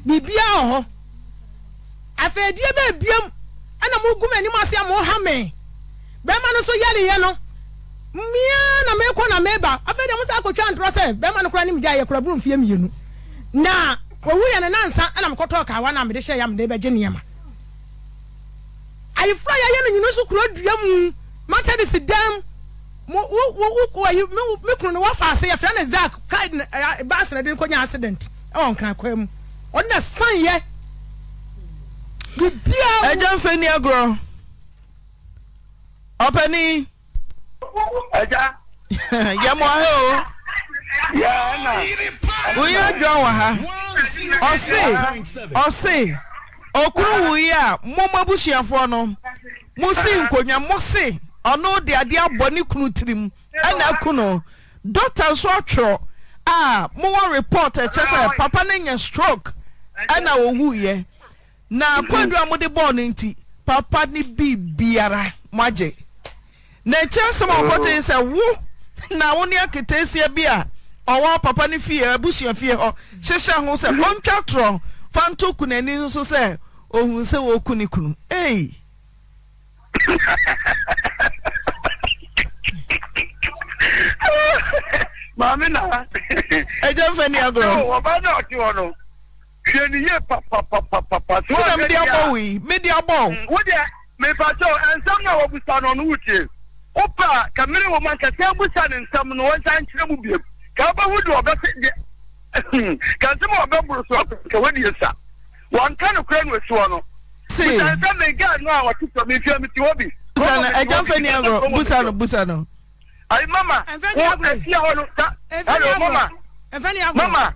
biribiara wɔ hɔ afɛɛdeɛ bɛɛ biem. ɛna mo gu m'anim ase a mo ha me bɛrima no so yɛleyɛ no mmea na mekɔ na meba afei deɛ mo sɛ akɔtwa ntorɔ sɛ bɛrima no kora ne mgya yɛkora boro mfie mmienu na owu yɛ ne nansa ɛna mekɔtɔɔ kawa na mede hyɛ yɛ mede bɛgye nneɛma ayefra yɛyɛ no nwunu so kuro dua mu mata de si dam wo wo wo ayi me me kuro no wafa ase yɛfrɛ ne zak kaa eh, baasi na de nkɔnya accident ɛwɔ nkran kwan mu ɔno na san yɛ agya mfani agorɔ ɔpani yɛmoahɛ o woyi adwan wɔ ha ɔse ɔse okuru woyi a momma abusuafoɔ no mosi nkonnwa mo se ɔno de adeɛ abɔ ne kunu tirim ɛna aku no dɔkta nso atworɔ a mowɔ report ɛkyɛ sɛ papa no nya stroke ɛna wɔwuiɛ na kwadua mode bɔɔ bọọlụ nti papa ne bibiara moagye na ɛkyɛ sɛm ɔkɔtee sɛ wụ na wo ne aketesia bi a ɔwɔ papa no fie abusua fie hɔ hyehyɛ ho sɛ ɔntwa torɔ fa nto n'ani nso sɛ ohun sɛ wɔku ne kunu ei maame na ɛgya mfa ni agorɔ ɔba na ɔte hɔ no hwɛ papapapapa. sinna mi di abɔ wo mi di abɔ wo. wo deɛ mipasɛ nsɛm na wɔbusa no ɔno wutie wopa kamere wɔ mu ankasa abusa ne nsɛm no wɔnsa nkyerɛ mu biem ka wobɛhu de ɔbɛse deɛ kansɛm a ɔbɛboro so ka wadie sa wɔnka no kora no asi hɔ no sɛ mega no a wɔte sɛ mefia meti hɔ bi ɛgya mfa ni agorɔ busa eh, no busa no ai mama wo asia hɔ no mama mama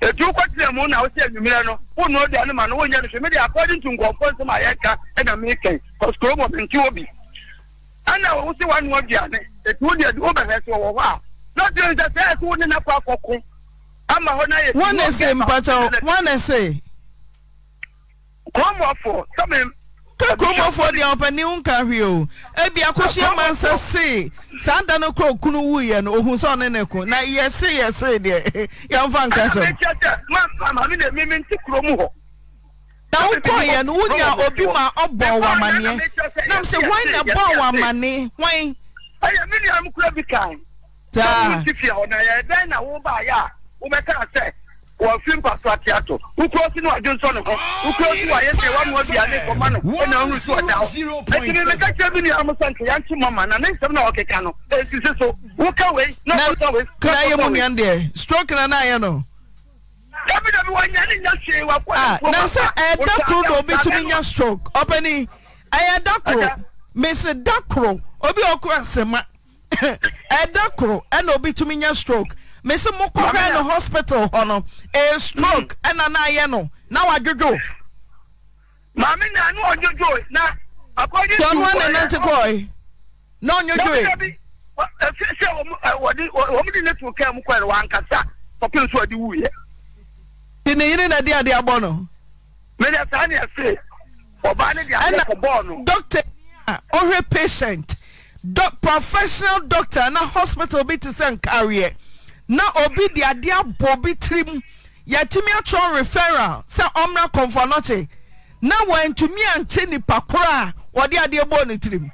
etu ụkọchiri m na osi enyemere no ụnụ odi anụmanụ wonye no hwemedi akọdị ntu nkọmfọ nsọm a yɛka ọbụ nke obi wa etu a lɔtiri na kɔ akɔko ama hɔ na yɛ. wọn na se mpatsɔ wọn na kakuromɔfoɔ deɛ ɔpani wo nka hwee o ebi akɔhyia ma nsa se saa da no koro kunu wuyɛ no ohun sɛ ɔne ne ko na yɛse yɛse deɛ yɛmfa nka sɛm na wokɔ yɛ no wonya obi ma ɔbɔ wɔ amanneɛ nam sɛ hwan na bɔ wɔ amanne hwan ɛyɛ me nuam kura bi kan saa na wobɛka sɛ wɔfi mpaso ate ato wokuro si no wadwo nsɔ ne ho wokuro si wayɛ sɛ woamoa biane kɔma no ɛna ɔhu so ɔda hɔ ɛti me meka kyerɛ bi nea mo sɛ nka yɛnkye mama na ne nsɛm na wɔkeka no ɛsisi so woka wei na wɔsa wei kra yɛ mu nuan deɛ stroke na na ayɛ no dabi dabi wɔnya ne nya hwee wakɔ ah, na sɛ ɛda koro na obɛtumi nya stroke ɔpɛni ɛyɛ da koro mesi da koro obi ɔkɔ asɛma ɛda koro ɛna Mese mo kɔ no hospital hɔ no a stroke mm. ɛna na ayɛ no na wadwodwo. maame na anu ɔdwodwo na akɔdze tu wɔyɛ. tɔnua na nante kɔɛ na ɔnyodwo yi. efi sɛ wɔde wɔn de ne tu kɛn mu kɔɛ wankasa papa nso ɔde wu yɛ. ti ne yiri na di adi abɔ no. mɛdi saa ni ɛfe ɔbaa ne di adi ɛkɔ bɔɔl no. doctor a ɔhwɛ patient do professional doctor na hospital bi ti sɛ nkareɛ na obi de adeɛ abɔ obi tirim yɛtumi atwerɛ referral sɛ ɔmmra kɔmfɔ no na wɔntumi ankye nipa koro a wɔde adeɛ bɔɔ ne tirim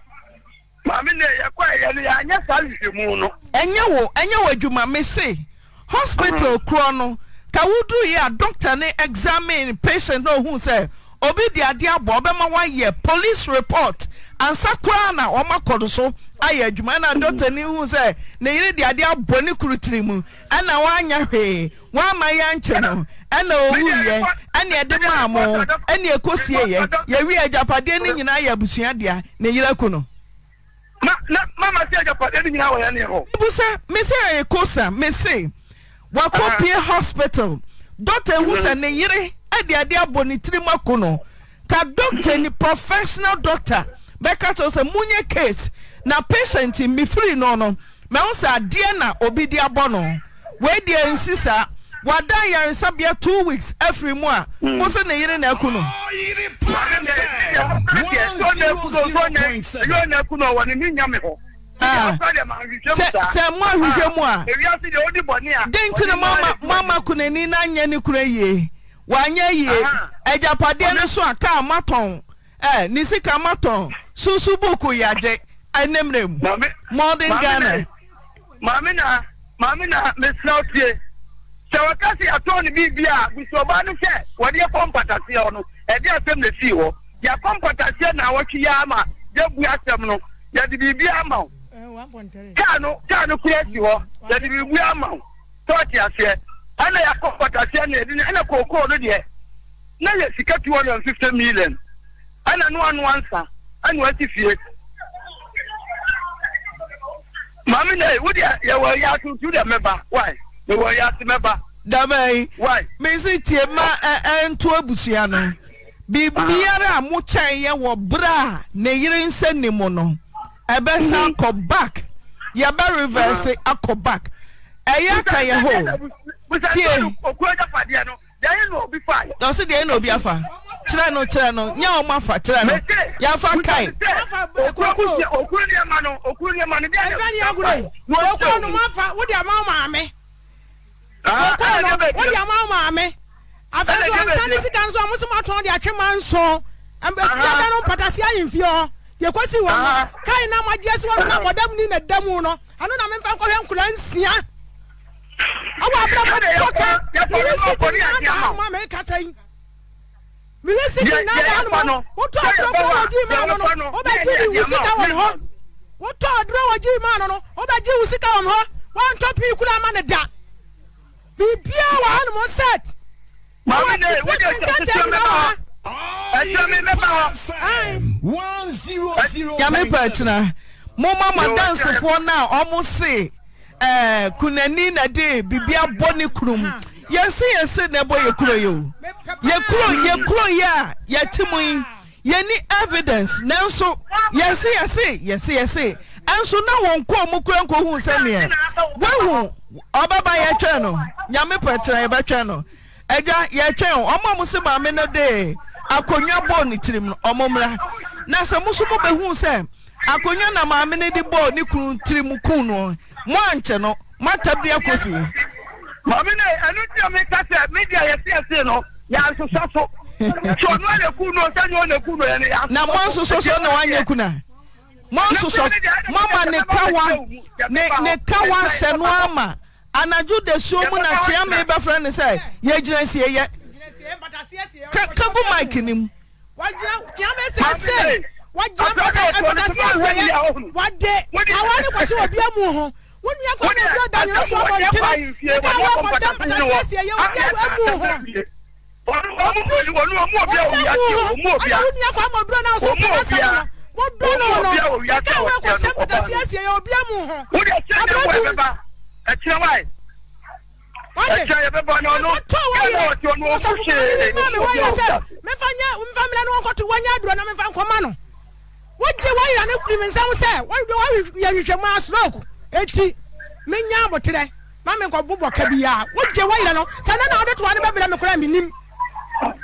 maame na yɛkɔ ɛyɛ no yɛanyɛ saa nhwehwɛmu no ɛnyɛ wo ɛnyɛ wo adwuma me se hospital mm. korɔ no ka yi a doctor ne examine patient na ohun sɛ obi de adeɛ abɔ ɔbɛma wayɛ police report ansa koraa na wɔn akɔdo so ayɛ adwuma na dɔktane hu sɛ ne yere deade bɔn krirmnaa e nad maam neksie apadeɛ ne nyinaayɛsuaee usaskosa mse kopie hospital d hu sɛ mhm. ne yere deade abɔne tiri m ku no ka dɔktani professional doctar bɛka soo sɛ monyɛ case na patient mefiri no no mɛho sɛ adeɛ na obi de abɔ no wei deɛ nsi saa wada yaresabea two weeks afiri mu a mo hmm. sɛ ne yere na aku no sɛ mo ahwehwɛ mu a den nti mo moama kunani no anyɛ ne kura yie wanyɛ yie agyapadeɛ no so a kaa matɔn ne sika matɔn susu buku yagye anemrem modern ghana maame na maame na mesina otie sɛ wɔka sɛ yɛatɔn no biribi a busuaba no sɛ wɔde yɛkɔ mpataseɛ no ɛde asɛm na fii hɔ yɛakɔ mpataseɛ na wɔtwe yɛ ama yɛabu asɛm no yɛde biribi ama wo eh, kaa no kaa no kura si hɔ yɛde biribi ama wo sɛ ɔte aseɛ ɛna yɛakɔ mpataseɛ na yɛde no ɛna kookoo no deɛ na yɛ sika two hundred and fifty million ɛna nsa ɛna wɔasi fie maame na wo deɛ yɛwɔ yɛ ato tu deɛ mɛba wai yɛwɔ yɛ ate mɛba. dama yi wai mesi tie ma ɛ ɛnto abusua no biribiara a mo kyɛn yɛ wɔ bere a ne yere nsa ne mu no ɛbɛsa mhm. akɔ back yɛbɛ reverse mhm. akɔ back ɛyɛ ka yɛ hɔ tie. ɔsi deɛ na obi afa kyerɛ no kyerɛ no nyɛ ɔmo afa kyerɛ no yafa kae. okuru ni okuru ni ɛma no okuru ni ɛma no. ɛfɛ ni agorɔ yi okuru ni wɔn afa wodi ama wɔn maame. Ah, okuru ah, no wodi ama wɔn maame. afɛnso ah, ansa ne sika nso ɔmo soma tɔn de atwe ma nso ɛfɛ no patasi ayi nfi hɔ yɛkɔsi wɔn no kae na ma gyeɛ si wɔn na mɔdam ni na dam no ano na mefa nkɔhɛ nkura nsia. ɔwɔ abirabɔ kɔka ne si gyina na ka ahoma mɛ kasa yi minisiri nana anum wotɔ aduro kɔ wɔ ji maa nono wobɛ ji ni wusi ka wɔn hɔ wotɔ aduro wɔ ji maa nono wobɛ ji wusi ka wɔn hɔ wɔntɔ pii kura ama ne da bibia wɔ anum set. maame ne wo de sɛ sisi mi ba ha ɛsɛ mi mi ba ha. one zero zero. yàmi pẹ̀ tena mo ma ma dansifoɔ náà ɔmo se ɛɛ eh, kunani na de bibia bɔ ne kurum yɛnsi yɛnsi na ɛbɔ yɛ kuro yi o yɛ kuro yi a yɛte mu yi yɛni evidence nanso yɛsi yɛsi yɛsi yɛsi ɛnso na wɔn kɔ mu kura nkohu sɛmiɛ wɔhu ɔbaba yɛtwɛn no nyame pɛtɛrɛ yɛbɛtwɛn no ɛgya yɛtwɛn ɔmo a mo si maame no de akonnwa bɔɔl ne tirim no ɔmo mra na sɛ mo so mo bɛhu sɛ akonnwa na maame no de bɔɔl ne kunu tirim kun no mo ankyɛ no mo atabiri akosi maame ne ɛnu tí a mi ka sɛ media yɛ si ɛsi no yɛ asosɔ so tí ɔnu ayɛ ku no sani ɔna ku no yɛ ni asosɔ so. na mɔ nsosɔ so na wanyɛ ku mɔ nsosɔ mɔ ma ne kawa ne ne kawa sɛnu ama anadu de suo mu na kyea mi bɛ fɛ ne sɛ yɛ gyina sie yɛ kagu mic ni mu. wagyina kyea mi sɛ sɛ wagyina mi sɛ ɛbɛtasi ɛsɛ yɛ wade awa ni kwasi wɔ bia mu ho wọn ni akɔ ne bia danyɛ sɔ bɔ ntɛnɛ nka awɔ kɔdam kasɛsɛ yɛ wɔn yɛ ɛmu hɔ ɛkyerɛwa ɛkyɛ yɛ bɛ bɔ n'ɔno ɛna ɔti ɔno ɔfu hyee mɛfa nyɛ mɛfa mìlɛ ni wọn kɔtɔ wọn nyɛ aduro na mɛfa nkɔma no wọ́n jẹ́ wọ́n yà ne firi mi nsẹ́wọ́sẹ́ wọ́n yà hwehwẹ́ mu asọ́ọ̀kù eti menya abotrɛ ma me nkɔbo bɔka bi a wogye wayerɛ no sɛ na na wode toa no bɛbrɛ me koraa menim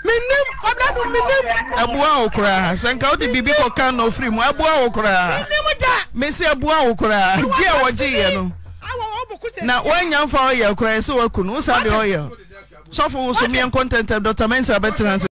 menim ɔbra do menim ɛboa wo koraa sɛ nka wode biribi kɔka na ɔfiri mu ɛboa wo koraa menim da mese ɛboa wo koraa gye a wɔgyeeɛ no na woanya mfa ɔyɛ koraa sɛ woaku no wo ɔyɛ sɔfo wo so miɛ nkɔntɛntɛ dɔta mensa bɛtena